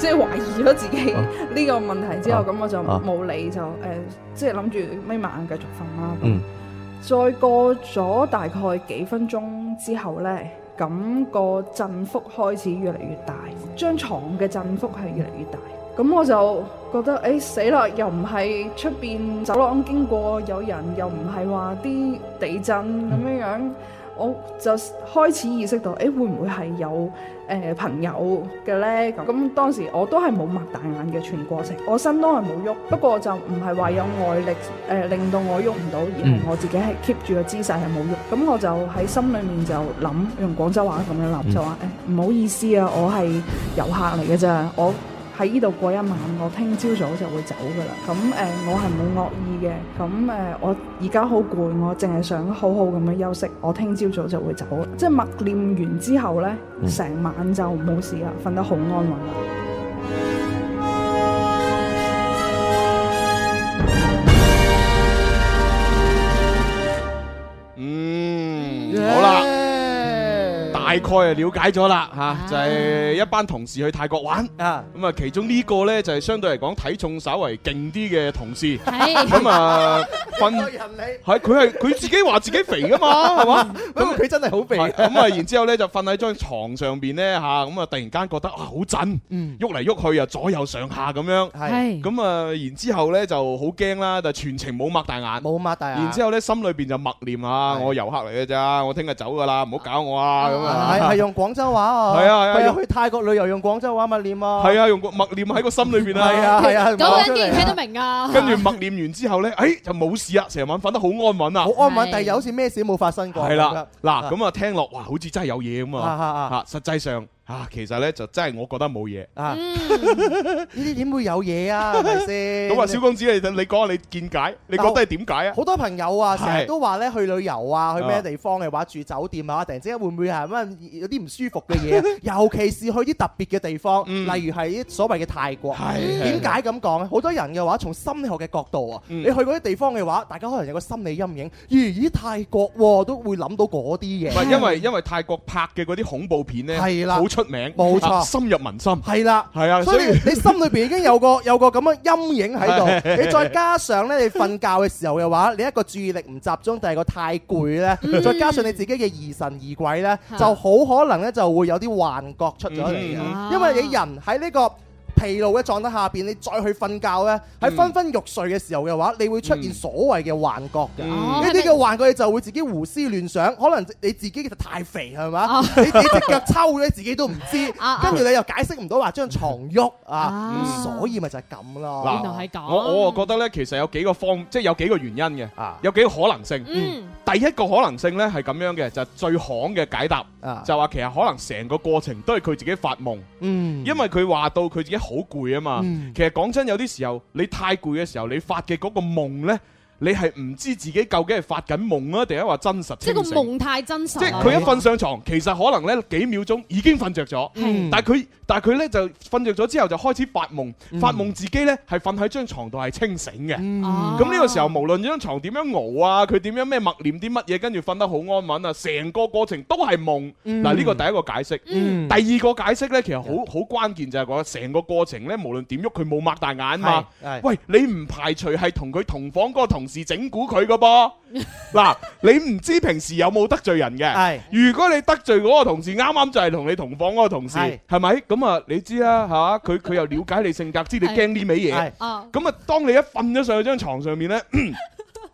誒即係懷疑咗自己呢個問題之後，咁我就冇理就誒，即係諗住眯埋眼繼續瞓啦。嗯。再過咗大概幾分鐘之後呢。咁個振幅開始越嚟越大，張床嘅振幅係越嚟越大，咁我就覺得誒，死啦！又唔係出邊走廊經過有人，又唔係話啲地震咁樣樣。我就開始意識到，誒、欸、會唔會係有誒、呃、朋友嘅咧？咁咁當時我都係冇擘大眼嘅全過程，我身都係冇喐。不過就唔係話有外力誒、呃、令到我喐唔到，而係我自己係 keep 住個姿勢係冇喐。咁我就喺心裏面就諗，用廣州話咁樣諗，就話誒唔好意思啊，我係遊客嚟嘅咋，我。喺呢度過一晚，我聽朝早就會走噶啦。咁誒、呃，我係冇惡意嘅。咁誒、呃，我而家好攰，我淨係想好好咁樣休息。我聽朝早就會走，即係默念完之後呢，嗯、成晚就冇事啦，瞓得好安穩啦。大概啊了解咗啦，吓就係一班同事去泰國玩啊，咁啊其中呢個咧就係相對嚟講體重稍為勁啲嘅同事，咁啊瞓係佢係佢自己話自己肥噶嘛，係嘛？咁佢真係好肥，咁啊然之後咧就瞓喺張床上邊咧吓，咁啊突然間覺得啊好震，喐嚟喐去啊，左右上下咁樣，係，咁啊然之後咧就好驚啦，但全程冇擘大眼，冇擘大眼，然之後咧心裏邊就默念啊，我遊客嚟嘅咋，我聽日走噶啦，唔好搞我啊咁啊。係係用廣州話哦，係啊係啊，去泰國旅遊用廣州話默念啊，係啊用個默念喺個心裏邊啊，係啊係啊，咁竟然聽得明啊。跟住默念完之後咧，哎就冇事啊，成日晚瞓得好安穩啊，好安穩，但係又好似咩事冇發生過。係啦，嗱咁啊聽落哇，好似真係有嘢咁啊，吓實際上。啊，其實咧就真係我覺得冇嘢啊！呢啲點會有嘢啊？係咪先？咁啊，蕭公子你你講下你見解，你覺得係點解啊？好多朋友啊，成日都話咧去旅遊啊，去咩地方嘅話住酒店啊，突然之間會唔會係有啲唔舒服嘅嘢？尤其是去啲特別嘅地方，例如係所謂嘅泰國。係點解咁講咧？好多人嘅話，從心理學嘅角度啊，你去嗰啲地方嘅話，大家可能有個心理陰影。咦？泰國都會諗到嗰啲嘢。因為因為泰國拍嘅嗰啲恐怖片呢。係啦。出名冇錯，深入民心係啦，係啊，所以你心裏邊已經有個有個咁樣陰影喺度，你再加上咧，你瞓覺嘅時候嘅話，你一個注意力唔集中，第二個太攰咧，再加上你自己嘅疑神疑鬼咧，就好可能咧就會有啲幻覺出咗嚟，因為你人喺呢個疲勞嘅狀態下邊，你再去瞓覺呢？喺昏昏欲睡嘅時候嘅話，你會出現所謂嘅幻覺嘅，呢啲嘅幻覺，你就會自己胡思亂想，可能你自己其實太肥係嘛？你自己隻腳抽你自己都唔知，跟住你又解釋唔到話張床喐啊，所以咪就係咁咯。我我覺得呢，其實有幾個方，即係有幾個原因嘅啊，有幾個可能性。第一個可能性呢，係咁樣嘅，就最巷嘅解答，就話其實可能成個過程都係佢自己發夢，嗯，因為佢話到佢自己。好攰啊嘛，嗯、其實講真，有啲時候你太攰嘅時候，你發嘅嗰個夢咧，你係唔知自己究竟係發緊夢啊，定係話真實？即係個夢太真實。即係佢一瞓上床，其實可能呢幾秒鐘已經瞓着咗。嗯。但係佢但係佢咧就瞓着咗之後就開始發夢，發夢自己呢係瞓喺張床度係清醒嘅。嗯。咁呢個時候無論張床點樣熬啊，佢點樣咩默念啲乜嘢，跟住瞓得好安穩啊，成個過程都係夢。嗯。嗱，呢個第一個解釋。嗯。第二個解釋呢，其實好好關鍵就係講成個過程呢，無論點喐佢冇擘大眼嘛。係。係。喂，你唔排除係同佢同房嗰個同。是整蠱佢嘅噃，嗱 你唔知平時有冇得罪人嘅，是如果你得罪嗰個同事，啱啱就係同你同房嗰個同事，係咪咁啊？你知啦，吓佢佢又了解你性格，知你驚啲咩嘢，咁啊，當你一瞓咗上去張床上面呢。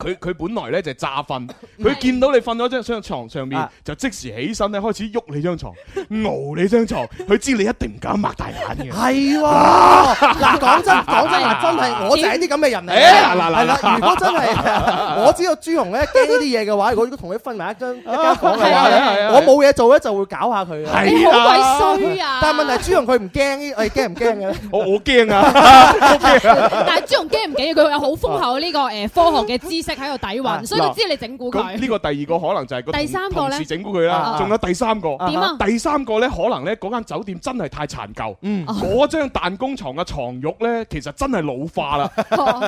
佢佢本來咧就詐瞓，佢見到你瞓咗張張床上面，就即時起身咧，開始喐你張床，熬你張床，佢知你一定唔敢擘大眼嘅。係喎，嗱，講真，講真，真係我就係啲咁嘅人嚟嘅。嗱嗱，如果真係我知道朱紅咧驚呢啲嘢嘅話，我如果同佢分埋一張一間房嘅話，我冇嘢做咧就會搞下佢嘅。係好鬼衰啊！但係問題，朱紅佢唔驚呢，驚唔驚嘅咧？我我驚啊！但係朱紅驚唔驚？佢有好豐厚呢個誒科學嘅知識。喺度底位，所以知你整蠱佢。呢個第二個可能就係個第三個咧整蠱佢啦。仲有第三個第三個咧可能咧嗰間酒店真係太殘舊，嗯，嗰張彈弓床嘅床褥咧其實真係老化啦。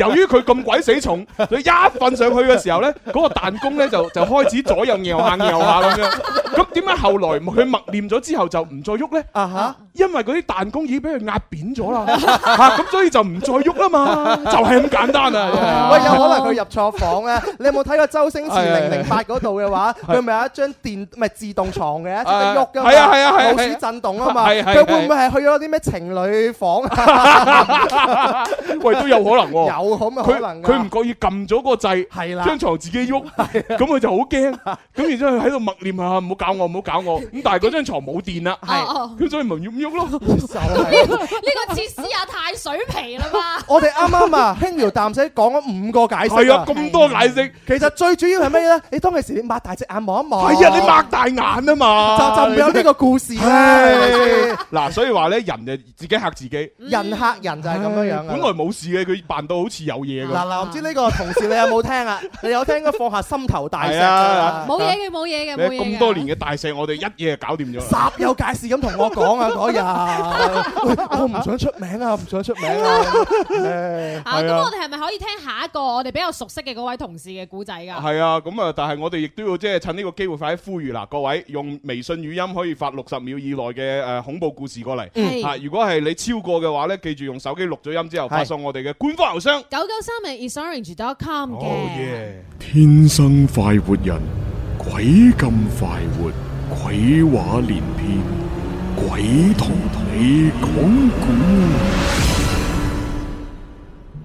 由於佢咁鬼死重，佢一瞓上去嘅時候咧，嗰個彈弓咧就就開始左右右下右下咁樣。咁點解後來佢默念咗之後就唔再喐咧？啊哈！因為嗰啲彈弓已經俾佢壓扁咗啦，吓咁所以就唔再喐啦嘛，就係咁簡單啊！喂，有可能佢入錯房。講咧，你有冇睇過周星馳零零八嗰度嘅話？佢咪有一張電唔係自動床嘅，即係喐嘅，係啊係啊係啊，老鼠震動啊嘛，佢會唔會係去咗啲咩情侶房？喂，都有可能喎，有可能？佢唔覺意撳咗個掣，係啦，張床自己喐，咁佢就好驚，咁然之後佢喺度默念啊，唔好搞我，唔好搞我，咁但係嗰張床冇電啦，係，咁所以咪要唔喐咯？呢個設施啊，太水皮啦嘛！我哋啱啱啊，輕描淡寫講咗五個解釋，係啊，咁。多解釋，其實最主要係咩咧？你當其時你擘大隻眼望一望，係啊，你擘大眼啊嘛，就就唔有呢個故事咧。嗱，所以話咧，人就自己嚇自己，人嚇人就係咁樣樣。本來冇事嘅，佢扮到好似有嘢。嗱嗱，唔知呢個同事你有冇聽啊？你有聽應該放下心頭大石，冇嘢嘅冇嘢嘅。咁多年嘅大石，我哋一夜就搞掂咗。煞有介事咁同我講啊！我呀，我唔想出名啊！唔想出名。啊，咁我哋係咪可以聽下一個我哋比較熟悉嘅歌？各位同事嘅故仔噶，係啊，咁啊，但係我哋亦都要即係趁呢個機會快啲呼籲啦，各位用微信語音可以發六十秒以內嘅誒恐怖故事過嚟，係、嗯啊，如果係你超過嘅話咧，記住用手機錄咗音之後發送我哋嘅官方郵箱九九三零 isorange.com 嘅。哦耶！天生快活人，鬼咁快活，鬼話連篇，鬼同你講古。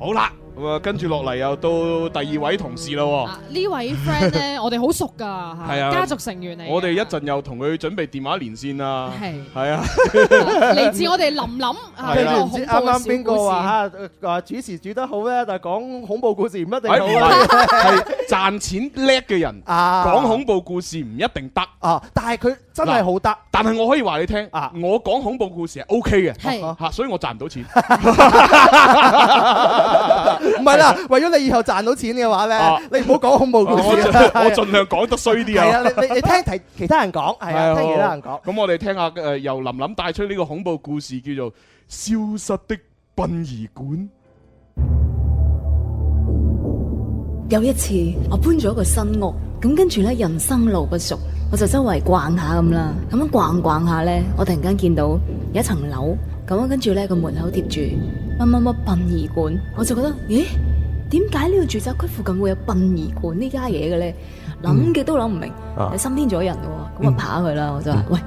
好啦。咁啊，跟住落嚟又到第二位同事咯。呢位 friend 咧，我哋好熟噶，係啊，家族成員嚟。我哋一陣又同佢準備電話連線啊。係，係啊。嚟自我哋琳琳，係啊，啱啱邊個話嚇主持主持得好咧，但係講恐怖故事唔一定係好。係賺錢叻嘅人，講恐怖故事唔一定得啊。但係佢真係好得。但係我可以話你聽，我講恐怖故事係 OK 嘅，嚇，所以我賺唔到錢。唔係啦，為咗你以後賺到錢嘅話咧，你唔好講恐怖故事啦。我我盡量講得衰啲啊！係啊，你你聽其其他人講，係啊，聽其他人講。咁我哋聽下誒由林林帶出呢個恐怖故事，叫做《消失的殯儀館》。有一次，我搬咗一個新屋，咁跟住咧，人生路不熟，我就周圍逛下咁啦。咁樣逛逛下咧，我突然間見到有一層樓。咁啊，跟住咧個門口貼住乜乜乜殯儀館，我就覺得，咦，點解呢個住宅區附近會有殯儀館呢家嘢嘅咧？諗極、嗯、都諗唔明，你、啊、身邊咗人嘅喎，咁啊爬下佢啦，我就話，嗯、喂，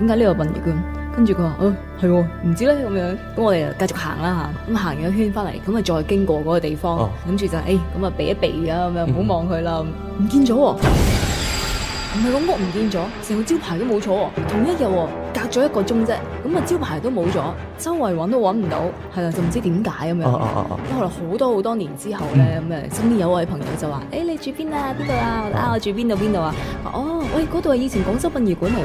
點解呢個殯儀館？跟住佢話，哦、哎，係喎、嗯，唔知咧咁樣，咁我哋繼續行啦吓，咁行咗圈翻嚟，咁啊再經過嗰個地方，諗住就誒，咁啊避一避啊，咁樣唔好望佢啦，唔見咗。唔係個屋唔見咗，成個招牌都冇錯、哦，同一日、哦，隔咗一個鐘啫，咁啊招牌都冇咗，周圍揾都揾唔到，係啦，就唔知點解咁樣。後來好多好多年之後咧，咁啊，終於有位朋友就話：，誒、hey,，你住邊啊？邊度啊？Oh. 啊，我住邊度邊度啊？哦、oh,，喂，嗰度係以前廣州殯儀館嚟，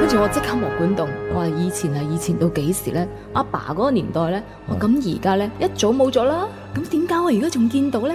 跟住 我即刻莫管動，我話以前係以前到幾時咧？阿爸嗰個年代咧，咁而家咧一早冇咗啦，咁點解我而家仲見到咧？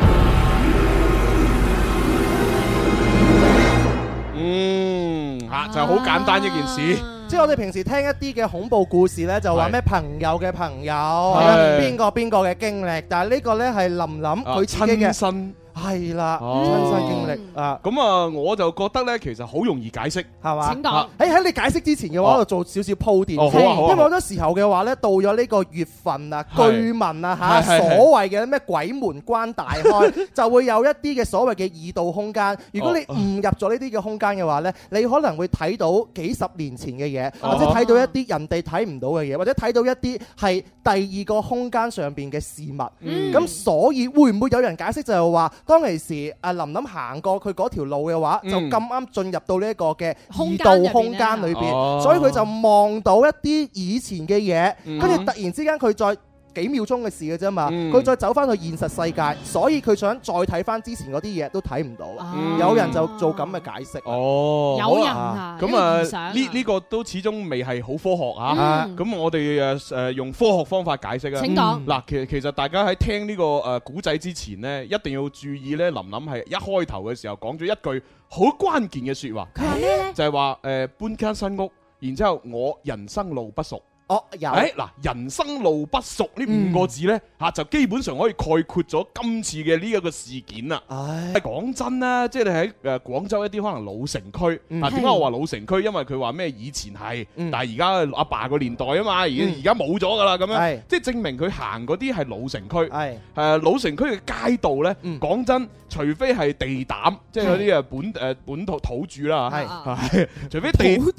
嗯，吓就好、係、簡單一件事，啊、即係我哋平時聽一啲嘅恐怖故事呢，就話咩朋友嘅朋友，邊個邊個嘅經歷，但係呢個呢，係林林佢親、啊、身。係啦，親身經歷啊！咁啊，我就覺得呢，其實好容易解釋，係嘛？請講。喺喺你解釋之前嘅話，我做少少鋪墊。哦，好啊，好啊。因為好多時候嘅話呢，到咗呢個月份啊，居民啊嚇，所謂嘅咩鬼門關大開，就會有一啲嘅所謂嘅異度空間。如果你誤入咗呢啲嘅空間嘅話呢，你可能會睇到幾十年前嘅嘢，或者睇到一啲人哋睇唔到嘅嘢，或者睇到一啲係第二個空間上邊嘅事物。咁所以會唔會有人解釋就係話，當其時，阿琳琳行過佢嗰條路嘅話，嗯、就咁啱進入到呢一個嘅異度空間裏邊面，所以佢就望到一啲以前嘅嘢，跟住、嗯、突然之間佢再。幾秒鐘嘅事嘅啫嘛，佢、嗯、再走翻去現實世界，所以佢想再睇翻之前嗰啲嘢都睇唔到。嗯、有人就做咁嘅解釋，有人、哦、啦啊，咁啊呢呢、啊這個都始終未係好科學啊！咁、嗯啊、我哋誒誒用科學方法解釋啊。請講說嗱，其實、嗯、其實大家喺聽呢個誒古仔之前呢，一定要注意呢。林林係一開頭嘅時候講咗一句好關鍵嘅說話，說就係話誒搬間新屋，然之後我人生路不熟。哦，有誒嗱，人生路不熟呢五個字咧吓就基本上可以概括咗今次嘅呢一個事件啦。誒，講真啦，即係你喺誒廣州一啲可能老城區啊，點解我話老城區？因為佢話咩以前係，但係而家阿爸個年代啊嘛，而家而家冇咗㗎啦，咁樣，即係證明佢行啲係老城區，係誒，老城區嘅街道咧，講真，除非係地膽，即係啲誒本誒本土土著啦係係，除非地，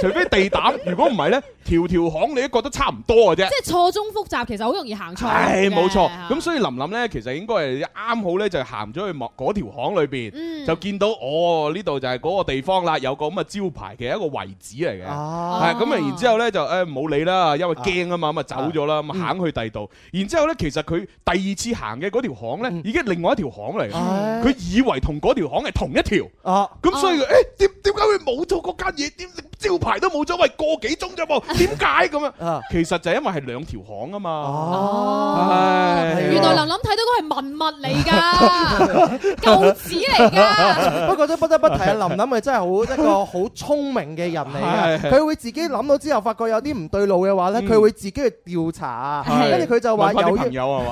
除非地膽，如果唔係咧，跳跳。講你都覺得差唔多嘅啫，即係錯綜複雜，其實好容易行錯。係冇錯，咁所以琳琳咧，其實應該係啱好咧，就行咗去嗰條巷裏邊，就見到哦，呢度就係嗰個地方啦，有個咁嘅招牌，其實一個遺址嚟嘅。係咁啊，然之後咧，就誒冇理啦，因為驚啊嘛，咁啊走咗啦，咁行去第二度。然之後咧，其實佢第二次行嘅嗰條巷咧，已經另外一條巷嚟。係，佢以為同嗰條巷係同一條。哦，咁所以誒，點點解會冇做嗰間嘢？招牌都冇咗，喂，個幾鐘啫噃，點解咁樣？其實就係因為係兩條巷啊嘛。哦，原來琳琳睇到嗰係文物嚟㗎，舊址嚟㗎。不過都不得不提啊，琳琳係真係好一個好聰明嘅人嚟㗎。佢會自己諗到之後，發覺有啲唔對路嘅話呢，佢會自己去調查。跟住佢就話有朋友係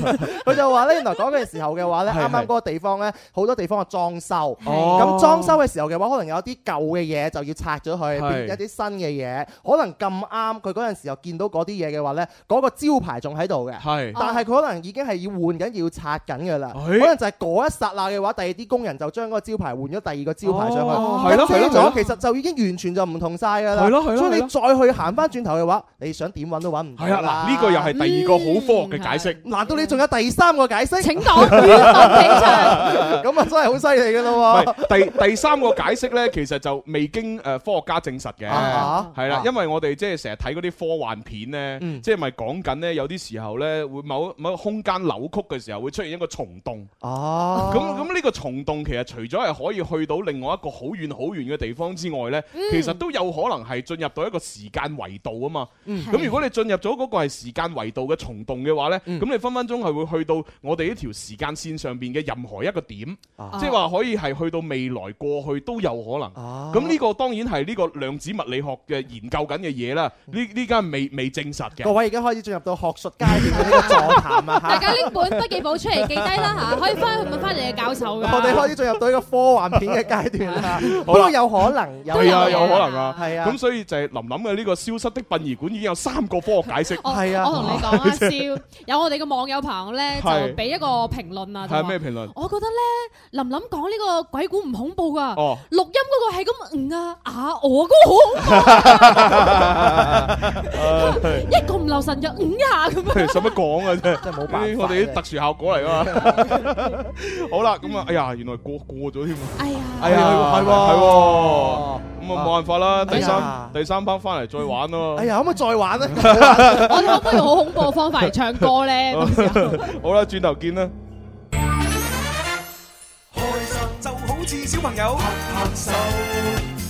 嘛？佢就話呢，原來講嘅時候嘅話呢，啱啱嗰個地方呢，好多地方嘅裝修。咁裝修嘅時候嘅話，可能有啲舊嘅嘢就要拆咗。去變啲新嘅嘢，可能咁啱佢嗰陣時候見到嗰啲嘢嘅話咧，嗰、嗰個招牌仲喺度嘅，但係佢可能已經係要換緊，要拆緊嘅啦。可能就係嗰一剎那嘅話，第二啲工人就將嗰個招牌換咗第二個招牌上去，係咯，其實就已經完全就唔同晒嘅啦。所以你再去行翻轉頭嘅話，你想點揾都揾唔到。呢、呢個又係第二個好科學嘅解釋。嗯、難道你仲有第三個解釋？請講。咁啊，真係好犀利嘅咯。第第三個解釋咧，其實就未經。誒 國家證實嘅，係啦，因為我哋即係成日睇嗰啲科幻片呢，即係咪講緊呢？有啲時候呢，會某某空間扭曲嘅時候會出現一個蟲洞。哦、啊，咁咁呢個蟲洞其實除咗係可以去到另外一個好遠好遠嘅地方之外呢，嗯、其實都有可能係進入到一個時間維度啊嘛。嗯，咁如果你進入咗嗰個係時間維度嘅蟲洞嘅話呢，咁、嗯、你分分鐘係會去到我哋呢條時間線上邊嘅任何一個點，即係話可以係去到未來過去都有可能。哦、啊，咁呢個當然係、這個呢個量子物理學嘅研究緊嘅嘢啦，呢呢間未未證實嘅。各位而家開始進入到學術階段嘅座談啊！ 大家拎本筆記簿出嚟記低啦嚇，可以翻去問翻你嘅教授，我哋開始進入到一個科幻片嘅階段 啦， 有可能有可能、啊，都有有可能啊，係 啊。咁所以就係林林嘅呢、這個消失的殯儀館已經有三個科學解釋。係 啊，我同你講一笑，有我哋嘅網友朋友咧就俾一個評論啊。睇咩評論？我覺得咧，林林講呢個鬼故唔恐怖噶、啊。哦，錄音嗰個係咁啊啊。啊我嗰個好，一個唔留神就五下咁樣。使乜講啊？真係冇辦法，我哋啲特殊效果嚟㗎嘛！好啦，咁啊，哎呀，原來過過咗添啊！哎呀，哎呀，係喎，係喎，咁啊冇辦法啦。第三，第三班翻嚟再玩咯。哎呀，可唔可以再玩咧？我哋可唔可以用好恐怖嘅方法嚟唱歌咧？好啦，轉頭見啦。開心就好似小朋友拍手。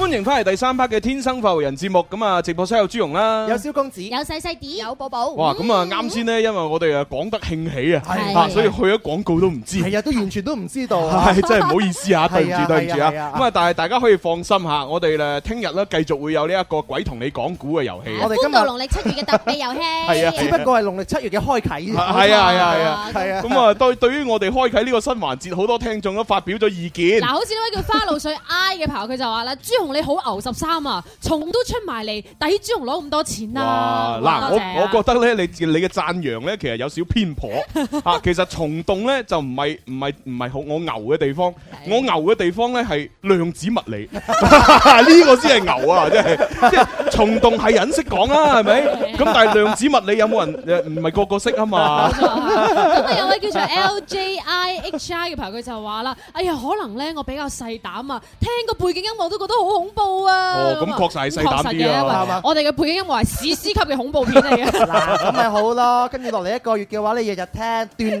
歡迎翻嚟第三 part 嘅天生快活人節目，咁啊直播室有朱容啦，有小公子，有細細啲，有寶寶。哇，咁啊啱先呢，因為我哋啊講得興起啊，吓，所以去咗廣告都唔知，係啊，都完全都唔知道，真係唔好意思啊，對唔住對唔住啊。咁啊，但係大家可以放心吓，我哋咧聽日咧繼續會有呢一個鬼同你講古嘅遊戲。我哋今度農曆七月嘅特別遊戲，係啊，只不過係農曆七月嘅開啟。係啊係啊係啊，係啊。咁啊對對於我哋開啟呢個新環節，好多聽眾都發表咗意見。嗱，好似呢位叫花露水 I 嘅朋友，佢就話啦，朱容。你好牛十三啊，蟲都出埋嚟，底豬紅攞咁多錢啊？嗱哇，啊、我我覺得咧，你你嘅讚揚咧，其實有少偏頗嚇、 啊。其實蟲洞咧就唔係唔係唔係好我牛嘅地方，的我牛嘅地方咧係量子物理，呢 個先係牛啊！ 即係即係蟲洞係人識講啊，係咪？咁 Okay.、嗯、但係量子物理有冇人唔係個個識啊嘛？咁啊 有位叫做 LJIHI 嘅朋友，佢就話啦，哎呀、哎，可能咧我比較細膽啊，聽個背景音樂都覺得好。好恐怖啊！哦，咁確實係細膽啲啦，係嘛？我哋嘅背景音樂係史詩級嘅恐怖片嚟嘅。咁咪好咯，跟住落嚟一個月嘅話，你日日聽，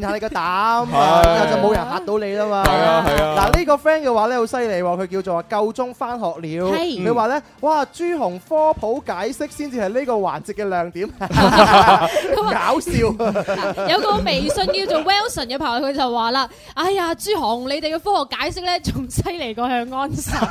鍛下你個膽，然後就冇人嚇到你啦嘛。係啊係啊！嗱，呢個 friend 嘅話咧好犀利喎，佢叫做話夠鍾翻學了。佢話咧，哇，朱紅科普解釋先至係呢個環節嘅亮點，搞笑。有個微信叫做 Wilson 嘅朋友，佢就話啦：，哎呀，朱紅，你哋嘅科學解釋咧，仲犀利過向安神。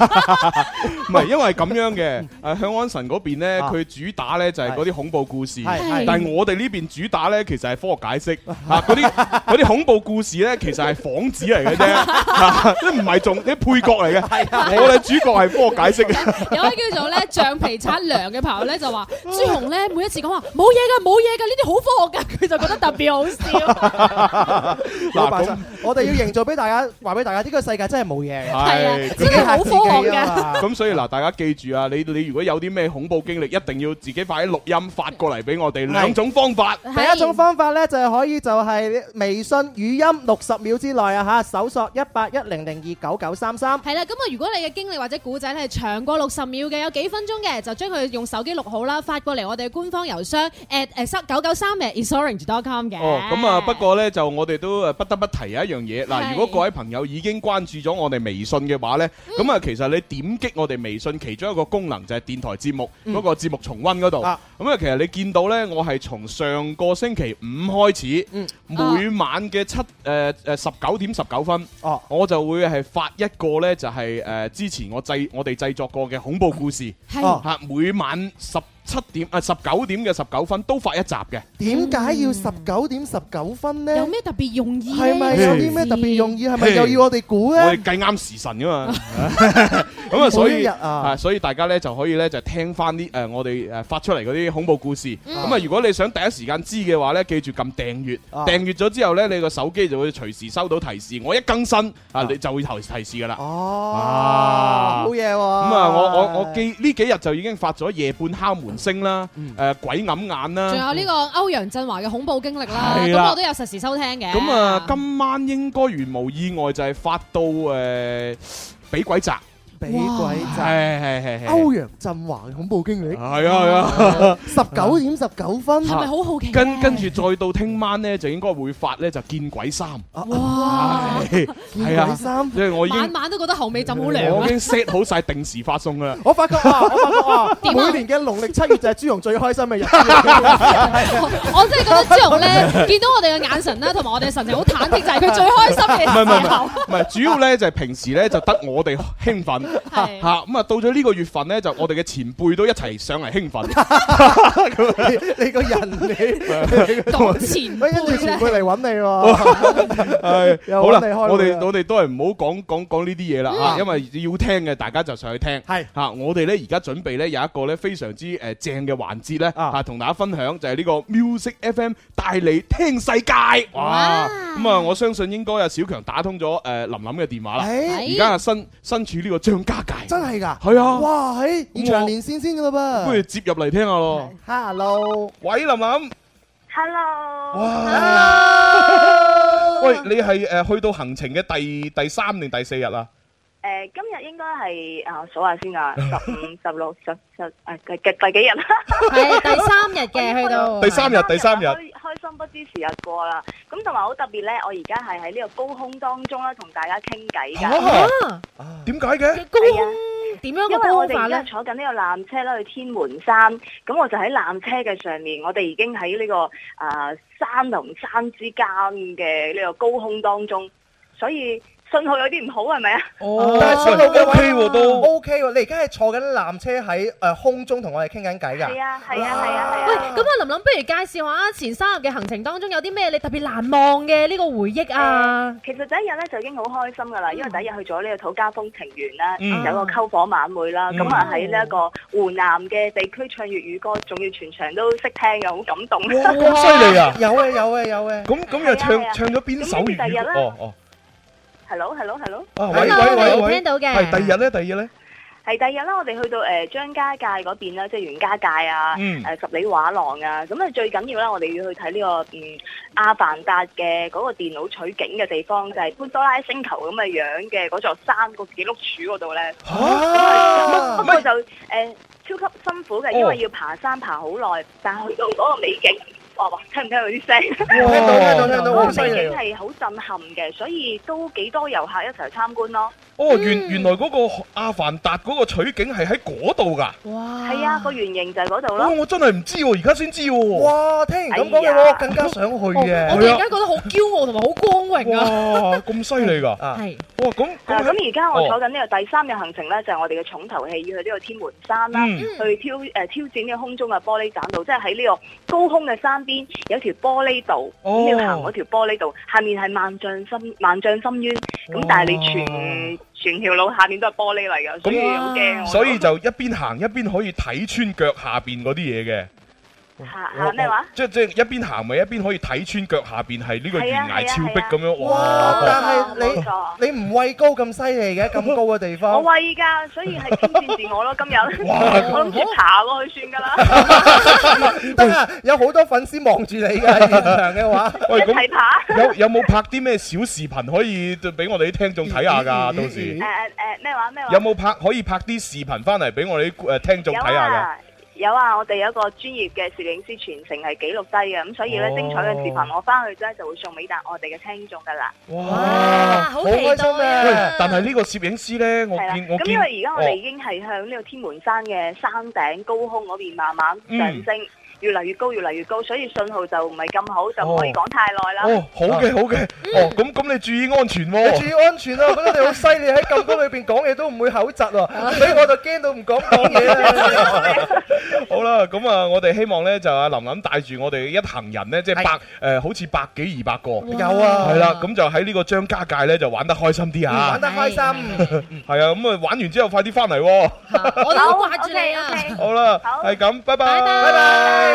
唔係，因為咁樣嘅，向安神嗰邊咧，佢主打咧就係嗰啲恐怖故事。但係我哋呢邊主打咧，其實係科學解釋。吓，嗰啲啲恐怖故事咧，其實係幌子嚟嘅啫，即唔係仲啲配角嚟嘅。係啊。我哋主角係科學解釋嘅。有位叫做咧橡皮擦娘嘅朋友咧就話，朱紅咧每一次講話冇嘢噶，冇嘢噶，呢啲好科學噶，佢就覺得特別好笑。嗱，我哋要營造俾大家，話俾大家呢個世界真係冇嘢嘅。係啊，真係好科學噶。所以嗱，大家記住啊！你你如果有啲咩恐怖經歷，一定要自己快啲錄音發過嚟俾我哋。兩種方法，第一種方法咧就係可以就係微信語音六十秒之內啊嚇，搜索一八一零零二九九三三。係啦，咁啊，如果你嘅經歷或者古仔咧係長過六十秒嘅，有幾分鐘嘅，就將佢用手機錄好啦，發過嚟我哋嘅官方郵箱 at at 九九三 at isorange.com 嘅。哦，咁啊，不過咧就我哋都不得不提有一樣嘢嗱，如果各位朋友已經關注咗我哋微信嘅話咧，咁啊其實你點擊我。我哋微信其中一個功能就係電台節目嗰、嗯、個節目重温嗰度，咁啊、嗯，其實你見到呢，我係從上個星期五開始，嗯啊、每晚嘅七誒誒、呃、十九點十九分，啊、我就會係發一個呢，就係、是、誒、呃、之前我製我哋製作過嘅恐怖故事，吓、嗯啊啊、每晚十。七點啊，十九點嘅十九分都發一集嘅。19點解要十九點十九分呢？有咩特別用意？係咪有啲咩特別用意？係咪 Hey, 又要我哋估咧？我哋計啱時辰噶嘛？咁 以 啊，所以啊，所以大家呢，就可以呢，就聽翻啲誒，我哋誒發出嚟嗰啲恐怖故事。咁啊，如果你想第一時間知嘅話呢，記住撳訂閱，訂閱咗之後呢，你個手機就會隨時收到提示。我一更新啊，你就會提提示噶啦。哦，好嘢。咁啊，我我我記呢幾日就已經發咗夜半敲門。嗯星啦，誒鬼揞眼啦，仲有呢個歐陽振華嘅恐怖經歷啦，咁我都有實時收聽嘅。咁啊，今晚應該如無意外就係發到誒俾鬼砸。俾鬼仔，係係係，歐陽震華嘅恐怖經歷，係啊係啊，十九點十九分係咪好好奇？跟跟住再到聽晚咧，就應該會發咧，就見鬼三哇！見鬼三，因為我晚晚都覺得後尾枕好涼，我已經 set 好晒定時發送噶啦！我發覺啊，我發覺啊，每年嘅農曆七月就係朱紅最開心嘅日子，我真係覺得朱紅咧，見到我哋嘅眼神啦，同埋我哋嘅神情好忐忑，就係佢最開心嘅，唔係主要咧，就係平時咧，就得我哋興奮。係吓咁啊！到咗呢個月份咧，就我哋嘅前輩都一齊上嚟興奮你。你個人你主持，跟住前輩嚟揾你喎。你好啦，我哋我哋都係唔好講講講呢啲嘢啦嚇，嗯、因為要聽嘅，大家就上去聽。係嚇、啊，我哋咧而家準備咧有一個咧非常之誒正嘅環節咧嚇，同、啊、大家分享就係、是、呢個 Music FM 帶你聽世界哇！咁啊，我相信應該啊小強打通咗誒林林嘅電話啦。而家啊身身處呢個張。加真係噶，係啊！哇，喺現場連線先噶啦噃，不如接入嚟聽下咯。Hello，喂，琳琳 Hello。哇！喂，你係誒去到行程嘅第第三定第四日啊？誒，今日應該係啊，數下先啊，十五、十六、十十誒，第第第幾日啦？係第三日嘅，去到第三日，第三日開開心不知時日過啦。咁同埋好特別咧，我而家係喺呢個高空當中啦，同大家傾偈噶。點解嘅？高點樣個高法咧？因為我哋而家坐緊呢個纜車啦，去天門山。咁我就喺纜車嘅上面，我哋已經喺呢個誒山同山之間嘅呢個高空當中，所以。信號有啲唔好係咪啊？哦，但係信號 OK 喎，都 OK 喎。你而家係坐緊纜車喺誒空中同我哋傾緊偈噶。係啊，係啊，係啊，係啊。喂，咁阿林林，不如介紹下前三日嘅行程當中有啲咩你特別難忘嘅呢個回憶啊？其實第一日咧就已經好開心噶啦，因為第一日去咗呢個土家風情園啦，有個篝火晚會啦，咁啊喺呢一個湖南嘅地區唱粵語歌，仲要全場都識聽嘅，好感動。咁犀利啊！有啊，有啊，有啊。咁咁又唱唱咗邊首粵語？哦哦。係咯，係咯，係咯。啊，喂喂 Hello, 喂，喂聽到嘅。係第二日咧，第二日咧。係第二日啦，我哋去到誒、呃、張家界嗰邊啦，即係袁家界啊，誒、嗯呃、十里畫廊啊。咁啊，最緊要啦，我哋要去睇呢、這個嗯《阿凡達》嘅嗰個電腦取景嘅地方，就係、是、潘多拉星球咁嘅樣嘅嗰座山、個紀碌柱嗰度咧。不過就誒、呃、超級辛苦嘅，因為要爬山爬好耐，但係去到嗰個美景。哇！聽唔聽到佢啲聲？聽到聽到聽到， 嗰個美景係好震撼嘅，所以都幾多遊客一齊參觀咯。哦，原原來嗰個阿凡達嗰個取景係喺嗰度噶？係啊，個原型就係嗰度咯。我真係唔知，我而家先知。哇！聽咁講嘅，我更加想去嘅。我而家覺得好驕傲同埋好光榮啊！咁犀利噶！係。哇！咁咁而家我坐緊呢個第三日行程咧，就係我哋嘅重頭戲，要去呢個天門山啦，去挑誒挑戰呢個空中嘅玻璃棧道，即係喺呢個高空嘅山邊有條玻璃道，咁要行嗰條玻璃道，下面係萬丈深萬丈深淵。咁但係你全哇全條路下面都係玻璃嚟嘅，所以好驚。哇所以就一邊行一邊可以睇穿腳下邊嗰啲嘢嘅。咩話？即係即係一邊行咪一邊可以睇穿腳下邊係呢個懸崖峭壁咁樣，啊啊啊、哇！但係你、啊、你唔畏高咁犀利嘅，咁高嘅地方我畏噶，所以係挑戰自我咯，今日諗住爬過去算噶啦。得啦、 啊，有好多粉絲望住你噶，現場嘅話 爬喂，咁有有冇拍啲咩小視頻可以就俾我哋啲聽眾睇下噶？嗯嗯嗯、到時誒誒咩話咩話？有冇拍可以拍啲視頻翻嚟俾我哋啲誒聽眾睇下嘅？有啊，我哋有一個專業嘅攝影師全程係記錄低嘅，咁所以咧、哦、精彩嘅視頻我翻去咧就會送俾大我哋嘅聽眾噶啦。哇，好開心啊！嗯、但係呢個攝影師咧，我見咁、啊、見因為而家我哋已經係向呢個天門山嘅山頂、哦、高空嗰邊慢慢上升。嗯越嚟越高，越嚟越高，所以信號就唔係咁好，就唔可以講太耐啦。哦，好嘅，好嘅。哦，咁咁，你注意安全喎。你注意安全啊！我覺得你好犀利，喺咁高裏邊講嘢都唔會口窒啊，所以我就驚到唔敢講嘢啦。好啦，咁啊，我哋希望咧就阿琳琳帶住我哋一行人咧，即係百誒，好似百幾二百個。有啊，係啦，咁就喺呢個張家界咧就玩得開心啲啊！玩得開心。係啊，咁啊玩完之後快啲翻嚟喎。我好掛住你啊！好啦，係咁，拜拜，拜拜。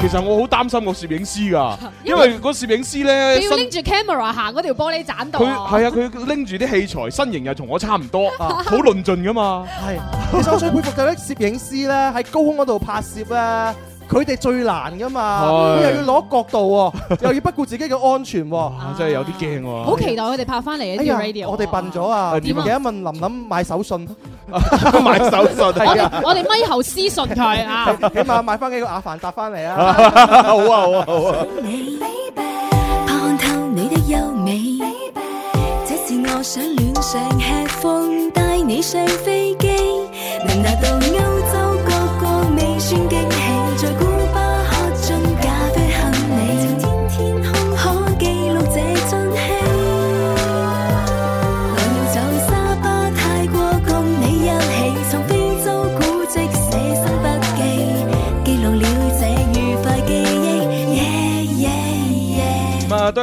其實我好擔心個攝影師噶因為個攝影師咧，要拎住 camera 行嗰條玻璃棧道，佢係啊，佢拎住啲器材，身形又同我差唔多 啊，好論盡噶嘛係，其實我最佩服就啲攝影師咧，喺高空嗰度拍攝咧，啊。佢哋最難噶嘛，佢又要攞角度喎、哦，又要不顧自己嘅安全喎、哦，真係有啲驚喎。好期待佢哋拍翻嚟啊！哎、我哋笨咗啊！點、哎、啊？問琳琳買手信，哎、買手信。我哋咪頭私信佢啊！起碼買翻幾個阿凡達翻嚟啊！好啊好啊好啊！透、啊、你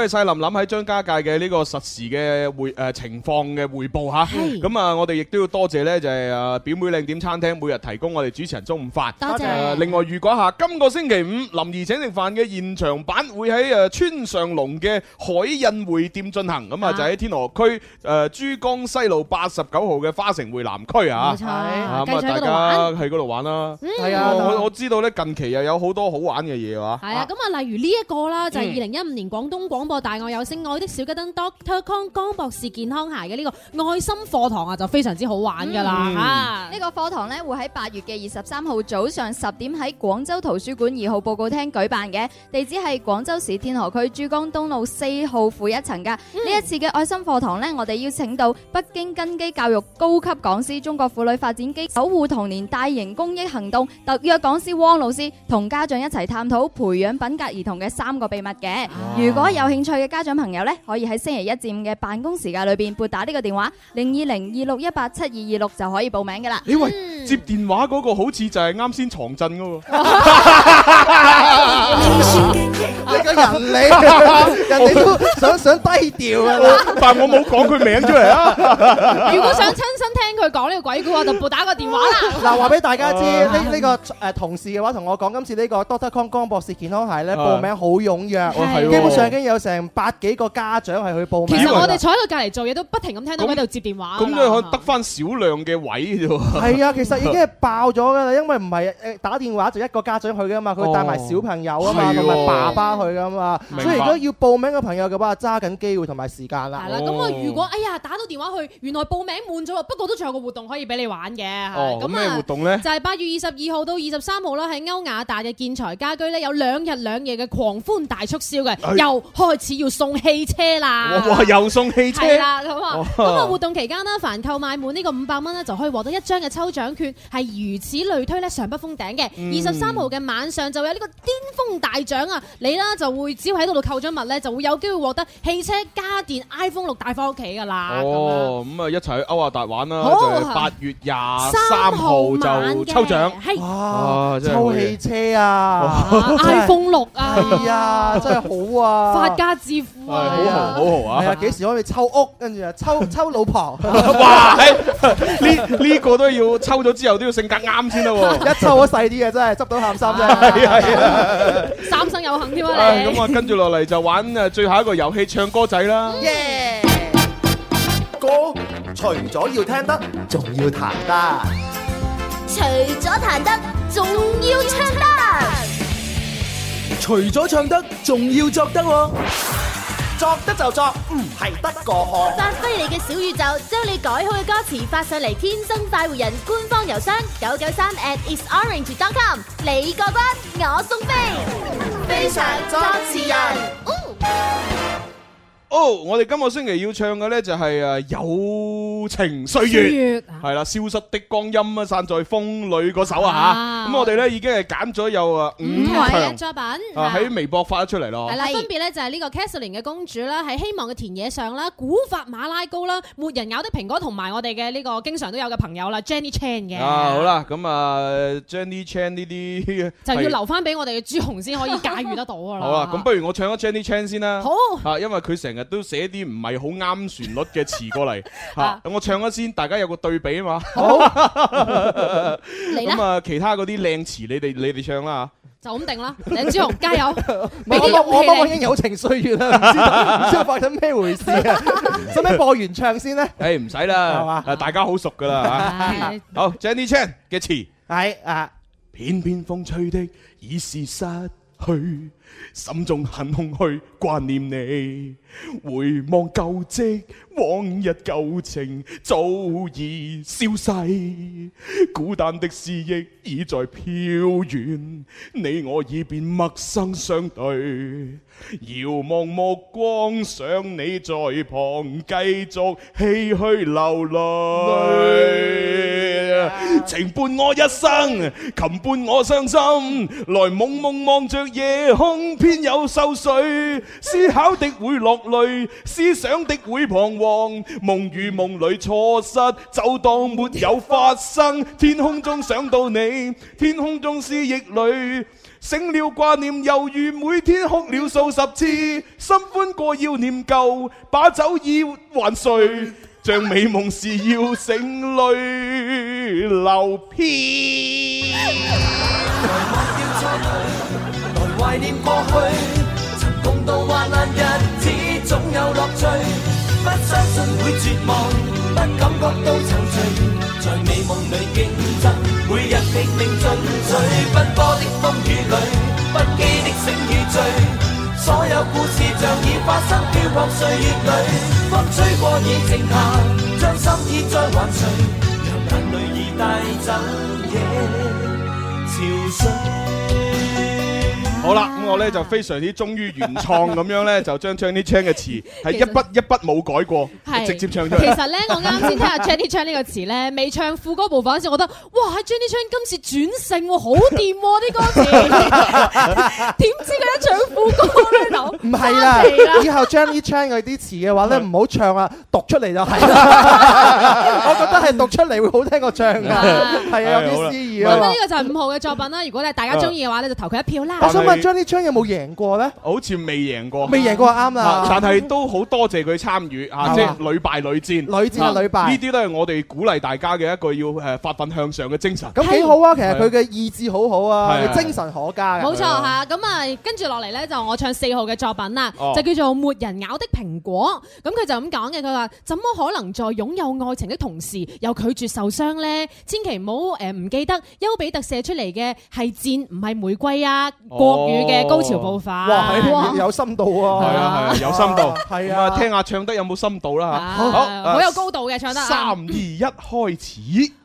細林林喺張家界嘅呢個實時嘅匯誒情況嘅匯報吓，咁啊我哋亦都要多謝咧就係誒表妹靚點餐廳每日提供我哋主持人中午飯。多謝。另外預告下，今個星期五林怡請食飯嘅現場版會喺誒川上龍嘅海印會店進行，咁啊就喺天河區誒珠江西路八十九號嘅花城匯南區啊。冇錯。咁啊大家喺度玩啦。係啊，我我知道咧近期又有好多好玩嘅嘢啊。係啊，咁啊例如呢一個啦，就係二零一五年廣東廣播。大愛有聲《愛的小吉燈》Doctor 康江博士健康鞋嘅呢個愛心課堂啊，就非常之好玩噶啦！吓、嗯，呢哈 個課堂呢，會喺八月嘅二十三號早上十點喺廣州圖書館二號報告廳舉辦嘅，地址係廣州市天河區珠江東路四號負一層噶。呢、嗯、一次嘅愛心課堂呢，我哋邀請到北京根基教育高級講師、中國婦女發展基金會守護童年大型公益行動特約講師汪老師，同家長一齊探討培養品格兒童嘅三個秘密嘅。啊、如果有興趣，嘅家長朋友咧，可以喺星期一至五嘅辦公時間裏邊撥打呢個電話零二零二六一八七二二六就可以報名噶啦。你喂，接電話嗰個好似就係啱先藏陣噶喎。你個人，你人你都想想低調噶， 但係我冇講佢名出嚟啊。 如果想親身聽佢講呢個鬼故，我就撥打個電話啦。嗱、啊，話俾大家知呢呢個誒同事嘅話同我講，今次呢個 Doctor Kong 江博士健康鞋咧，報名好踴躍的的基本上已經有成。成百幾個家長係去報名去。其實我哋坐喺度隔離做嘢，都不停咁聽到喺度、嗯、接電話。咁可就得翻少量嘅位啫喎。係啊，其實已經爆咗㗎啦，因為唔係誒打電話就是、一個家長去㗎嘛，佢帶埋小朋友啊嘛，同埋、哦、爸爸去㗎嘛。所以如果要報名嘅朋友嘅話，揸緊機會同埋時間啦。係、嗯、啦，咁我、哦、如果哎呀打到電話去，原來報名滿咗，不過都仲有個活動可以俾你玩嘅嚇。咁咩、哦、活動咧、啊？就係、是、八月二十二號到二十三號啦，喺歐亞達嘅建材家居咧有兩日兩夜嘅狂歡大促銷嘅，由開、哎開始要送汽車啦！哇，又送汽車啦！咁啊，活動期間咧，凡購買滿呢個五百蚊咧，就可以獲得一張嘅抽獎券，係如此類推咧，上不封頂嘅。二十三號嘅晚上就有呢個巔峰大獎啊！你呢就會只要喺度度購咗物呢，就會有機會獲得汽車、家電、iPhone 六帶翻屋企㗎啦！哦，咁啊一齊去歐亞達玩啦！八月廿三號就抽獎，哇！抽汽車啊，iPhone 六啊，係啊，真係好啊！家致富好豪好豪啊！幾時可以抽屋？跟住啊，抽抽老婆！哇！呢呢個都要抽咗之後都要性格啱先得！一抽咗細啲啊，真係執到喊心啫！係啊，三生有幸添啊！你咁啊，跟住落嚟就玩誒最後一個遊戲——唱歌仔啦！耶！歌除咗要聽得，仲要彈得；除咗彈得，仲要唱得。除咗唱得，仲要作得喎，作得就作，唔係得過可。發揮你嘅小宇宙，將你改好嘅歌詞發上嚟，天生快活人官方郵箱九九三 at isorange.com。你過關，我送飛，非常作詞人。好，我哋今個星期要唱嘅咧就係誒友情歲月係啦，消失的光陰啊，散在風裏嗰首啊吓。咁我哋咧已經係揀咗有啊五台作品喺微博發咗出嚟咯。係啦，分別咧就係呢個 Cathleen 嘅公主啦，喺希望嘅田野上啦，古法馬拉糕啦，沒人咬的蘋果同埋我哋嘅呢個經常都有嘅朋友啦，Jenny Chan 嘅。啊好啦，咁啊 Jenny Chan 呢啲就要留翻俾我哋嘅朱紅先可以駕馭得到噶啦。好啦，咁不如我唱一 Jenny Chan 先啦。好啊，因為佢成日，都寫啲唔係好啱旋律嘅詞過嚟吓，等我唱一先，大家有個對比啊嘛。好，咁啊，其他嗰啲靚詞你哋你哋唱啦，就咁定啦。梁智鴻加油，我冇我已我已《友情歲月》啦，唔知發生咩回事啊？使唔使播完唱先咧？誒，唔使啦，係嘛？大家好熟噶啦，好，Jenny Chan 嘅詞係啊，片片風吹的已是失去，心中很空虛。懷念你，回望舊迹，往日舊情早已消逝，孤單的思憶已在飄遠，你我已變陌生相對，遙望目光想你在旁，繼續唏嘘流淚。Yeah. 情伴我一生，琴伴我傷心，來懵懵望着夜空，偏有愁緒。 思考的會落淚，思想的會彷徨，徨，夢與夢裏錯失，就當沒有發生。天空中想到你，天空中思憶裏，醒了掛念猶如每天哭了數十次，心歡過要念舊，把酒已還碎，像美夢是要醒淚流遍。來忘掉錯對，來懷念過去。日子總有樂趣，不相信會絕望，不感覺到愁緒，在美夢裏競爭，每日拼命進取。 奔波的風雨裏，不羈的醒與醉，所有故事像已發生，漂泊歲月裏，風吹過已靜下，將心意再還誰，讓眼淚已帶走夜憔悴。Yeah, 潮水好啦，咁我咧就非常之忠於原創咁樣咧，就將 Jenny Chang 嘅詞係一筆一筆冇改過，直接唱出。其實咧，我啱先聽下 Jenny Chang 呢個詞咧，未唱副歌部分時，覺得哇，Jenny Chang 今次轉性喎，好掂喎啲歌詞。點知佢一唱副歌咧就唔係啦。以後 Jenny Chang 嗰啲詞嘅話咧，唔好唱啊，讀出嚟就係啦。我覺得係讀出嚟會好聽過唱㗎，係啊，有啲詩意啊。咁呢個就係五號嘅作品啦。如果咧大家中意嘅話你就投佢一票啦。張啲槍有冇贏過咧？好似未贏過，未贏過啱啦。 但係都好多謝佢參與啊！ 即係屢敗屢戰，屢戰啊屢敗。呢啲都係我哋鼓勵大家嘅一個，要誒發奮向上嘅精神。咁幾、 嗯嗯、好啊！其實佢嘅意志好好啊，精神可嘉冇錯吓，咁錯啊，啊跟住落嚟咧，就我唱四號嘅作品啦，哦、就叫做《沒人咬的蘋果》。咁佢就咁講嘅，佢話：怎麼可能在擁有愛情的同時又拒絕受傷呢？千祈唔好誒唔記得丘比特射出嚟嘅係箭，唔係玫瑰啊！語嘅高潮步伐，哇！有深度啊，係哇啊係、啊，有深度，係啊，嗯、啊聽下唱得有冇深度啦、啊、嚇，啊、好，好、啊、有高度嘅唱得。三二一開始。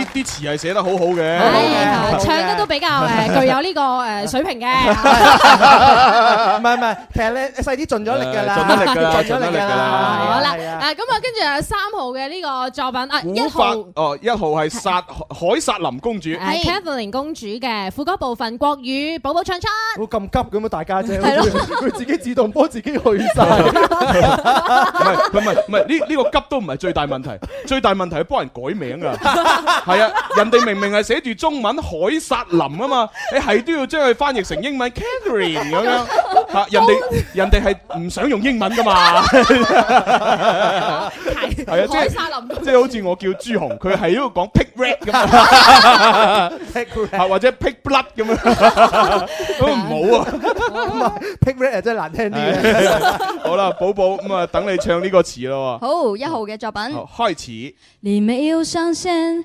呢啲詞係寫得好好嘅、 嗯，唱得都比較誒具有呢個誒水平嘅。唔係唔係，其實咧細啲盡咗力㗎啦，盡咗力嘅，盡咗力㗎啦、啊。好啦，誒咁啊，跟住有三號嘅呢個作品法啊，一號哦，一號係殺海薩林公主，係 Catherine、哎、公主嘅副歌部分國語，寶寶唱出。咁、哦、急嘅咩，大家姐，姐？係咯的，佢自己自動幫自己去晒。唔係唔係唔係，呢呢、呢個急都唔係最大問題，最大問題係幫人改名啊， 人哋明明係寫住中文海沙林啊嘛，你係都要將佢翻譯成英文 Catherine 咁樣吓？人哋 人哋係唔想用英文噶嘛？係係啊， 即係海沙林。即、就是、好似我叫朱紅，佢係喺度講 pig red 咁樣或者 pig blood 咁樣都唔 好啊。 啊、pig red 真係難聽啲。好啦，寶寶咁啊，寶寶等你唱呢個詞咯。好，一號嘅作品，開始，年尾要上聲。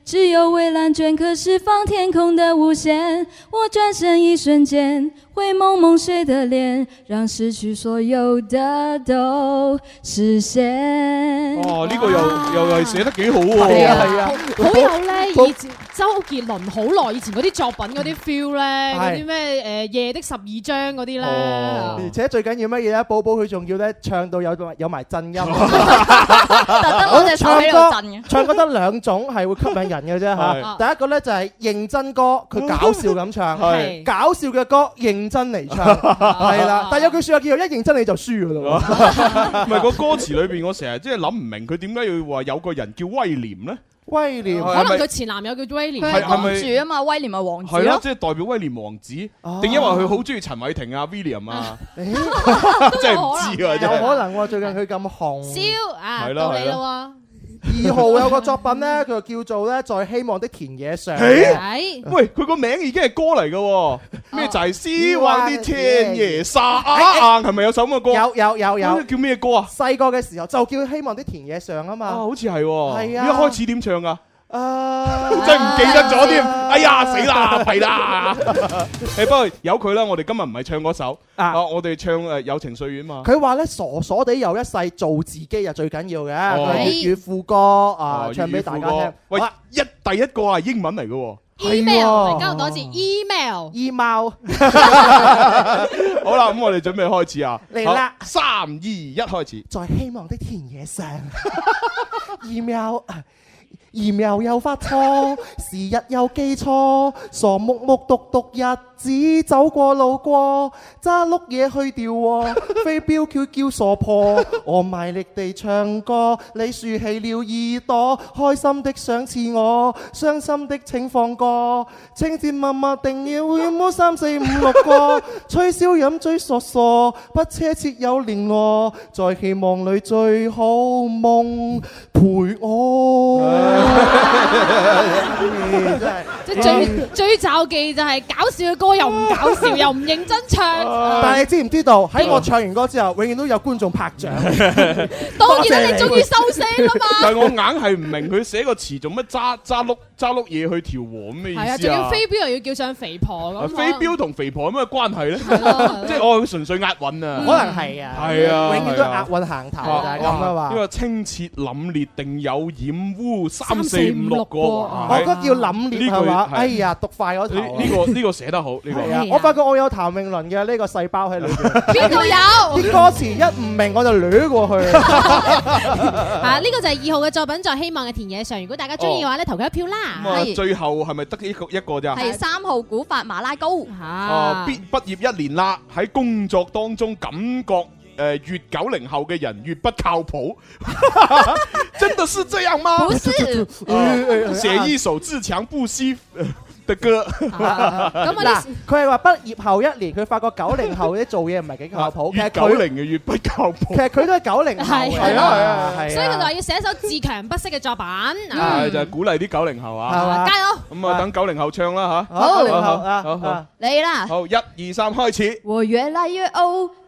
只有蔚藍鐫可釋放天空的無限。我轉身一瞬間，灰蒙蒙誰的臉，讓失去所有的都實現。哦，呢個又又又寫得幾好喎！係啊係啊，好有呢，以前周杰倫好耐以前嗰啲作品嗰啲 feel 呢，嗰啲咩誒夜的十二章嗰啲呢，而且最緊要乜嘢咧？寶寶佢仲要咧唱到有有埋震音，特登我哋唱喺度震唱歌，唱歌，得兩種係會吸引人。嘅第一個咧就係認真歌，佢搞笑咁唱，搞笑嘅歌認真嚟唱，係啦。但有句説話叫做一認真你就輸噶啦。唔係個歌詞裏邊，我成日即係諗唔明佢點解要話有個人叫威廉咧？威廉可能佢前男友叫威廉，係咪？王主啊嘛，威廉係王子，係咯，即係代表威廉王子。定因為佢好中意陳偉霆啊，William 啊，真係唔知啊，有可能話最近佢咁紅。燒啊，到你啦喎！ 二號有個作品咧，佢就叫做咧在希望的田野上。哎， 喂，佢個名已經係歌嚟嘅，咩就濟斯話天爺殺硬係咪有首咁嘅歌？有有有有。有有叫咩歌啊？細個嘅時候就叫希望的田野上啊嘛。 好似係、哦。係啊。一開始點唱啊？啊！真係唔記得咗添！哎呀，死啦，弊啦！誒，不過由佢啦，我哋今日唔係唱嗰首啊，我哋唱誒《友情歲月》嘛。佢話咧，傻傻地有一世做自己啊，最緊要嘅。粵語副歌啊，唱俾大家聽。喂，一第一個係英文嚟嘅喎。Email，交唔多次。Email，email。好啦，咁我哋準備開始啊！嚟啦，三二一，開始。在希望的田野上，email。言苗又發錯，時日又記錯，傻木木讀讀日子，走過路過，揸碌嘢去掉，飛鏢叫叫傻婆，我賣力地唱歌，你豎起了耳朵，開心的想似我，傷心的請放過。清親密密定要會摸三四五六個，吹簫飲醉傻傻，不奢侈有聯絡，在希望裏最好夢陪我。即最最拗忌就係搞笑嘅歌又唔搞笑又唔認真唱。但係你知唔知道喺我唱完歌之後，永遠都有觀眾拍掌。當然啦，你終於收聲啦嘛。但係我硬係唔明佢寫個詞做乜揸揸碌揸碌嘢去調和咩意思啊？仲要飛鏢又要叫上肥婆咯？飛鏢同肥婆有咩關係咧？即係我純粹押韻啊，可能係啊，係啊，永遠都係押韻行頭就係咁嘅話。呢個清澈凜冽定有染污。三四五六個，我覺得叫冷冽係嘛？哎呀，讀快嗰呢個呢個寫得好，我發覺我有譚詠麟嘅呢個細胞喺裏邊。邊度有？啲歌詞一唔明我就掠過去。啊，呢個就係二號嘅作品，在希望嘅田野上。如果大家中意嘅話咧，投佢一票啦。最後係咪得一個一個啫？係三號古法馬拉糕。啊，畢畢業一年啦，喺工作當中感覺。誒，越九零後嘅人越不靠譜，真的是這樣嗎？不是，寫一首自強不息嘅歌。咁佢係話畢業後一年，佢發覺九零後啲做嘢唔係幾靠譜。越九零嘅越不靠譜，其實佢都係九零後，係啊係啊係。所以佢就話要寫一首自強不息嘅作品，係就係鼓勵啲九零後啊。加油！咁啊，等九零後唱啦吓。九零後，好你啦！好，一二三，開始。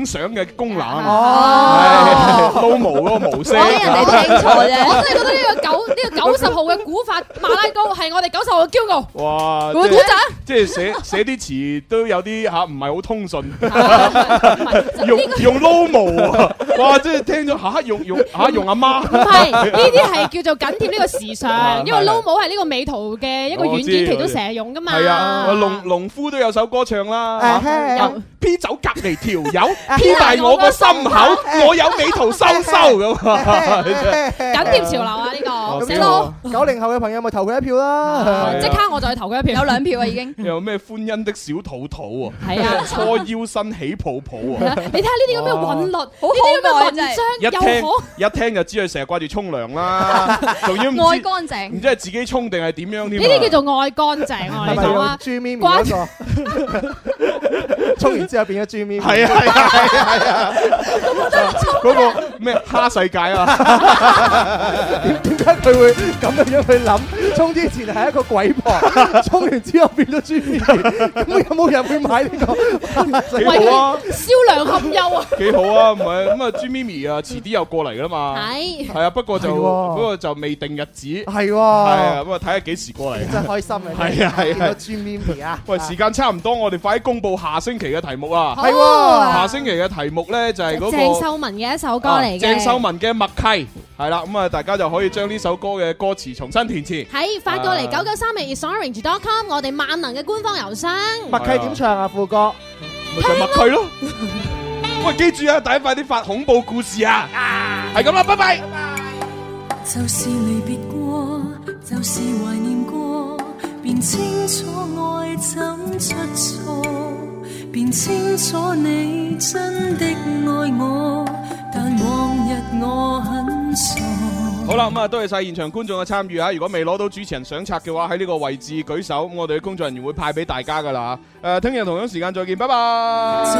影相嘅功能啊嘛，low 模嗰個模式，人哋都清楚啫，我真係覺得呢個九呢個九十號嘅古法馬拉糕係我哋九十號嘅驕傲。哇，古仔，即係寫寫啲詞都有啲吓，唔係好通順，用用 low 哇，即係聽咗吓用用吓用阿媽，係呢啲係叫做緊貼呢個時尚，因為 low 係呢個美圖嘅一個軟件，佢都成日用噶嘛。係啊，農農夫都有首歌唱啦，有啤酒隔籬條友。P 大我個心口， 我有美圖秀秀咁啊！緊貼潮流啊！ 寫咯，九零後嘅朋友咪投佢一票啦！即刻我就去投佢一票，有兩票啊已經。有咩歡欣的小肚肚啊？係啊，搓腰身起泡泡啊！你睇下呢啲咁嘅韻律，呢啲咁嘅韻章，一聽一聽就知佢成日掛住沖涼啦，仲要愛乾淨，唔知係自己沖定係點樣添？呢啲叫做愛乾淨，你嚟講啊！G M 咪一個，沖完之後變咗 G M，係啊係啊係啊！嗰個咩蝦世界啊？點點解？佢會咁樣樣去諗。沖之前係一個鬼婆，沖完之後變咗朱咪咪，咁有冇人會買呢個？喂，銷量堪憂啊！幾好啊，唔係咁啊，朱咪咪啊，遲啲又過嚟噶啦嘛，係係啊，不過就不過就未定日子，係係啊，咁啊睇下幾時過嚟，真係開心啊，係啊係啊，見到朱咪咪啊，喂，時間差唔多，我哋快啲公布下星期嘅題目啦，係，下星期嘅題目咧就係嗰個鄭秀文嘅一首歌嚟嘅，鄭秀文嘅《默契》，係啦，咁啊大家就可以將呢首歌嘅歌詞重新填詞，發過嚟九九三零 isorange.com，我哋萬能嘅官方郵箱。默契點唱啊副歌？咪就默契咯。喂，記住啊，大家快啲發恐怖故事啊！係咁啦，拜拜。就是離別過，就是懷念過，便清楚愛怎出錯，便清楚你真的愛我。但往日我很傻。好啦，咁、嗯、啊，多謝晒現場觀眾嘅參與啊！如果未攞到主持人相冊嘅話，喺呢個位置舉手，我哋嘅工作人員會派俾大家噶啦吓。誒、呃，聽日同樣時間再見，拜拜。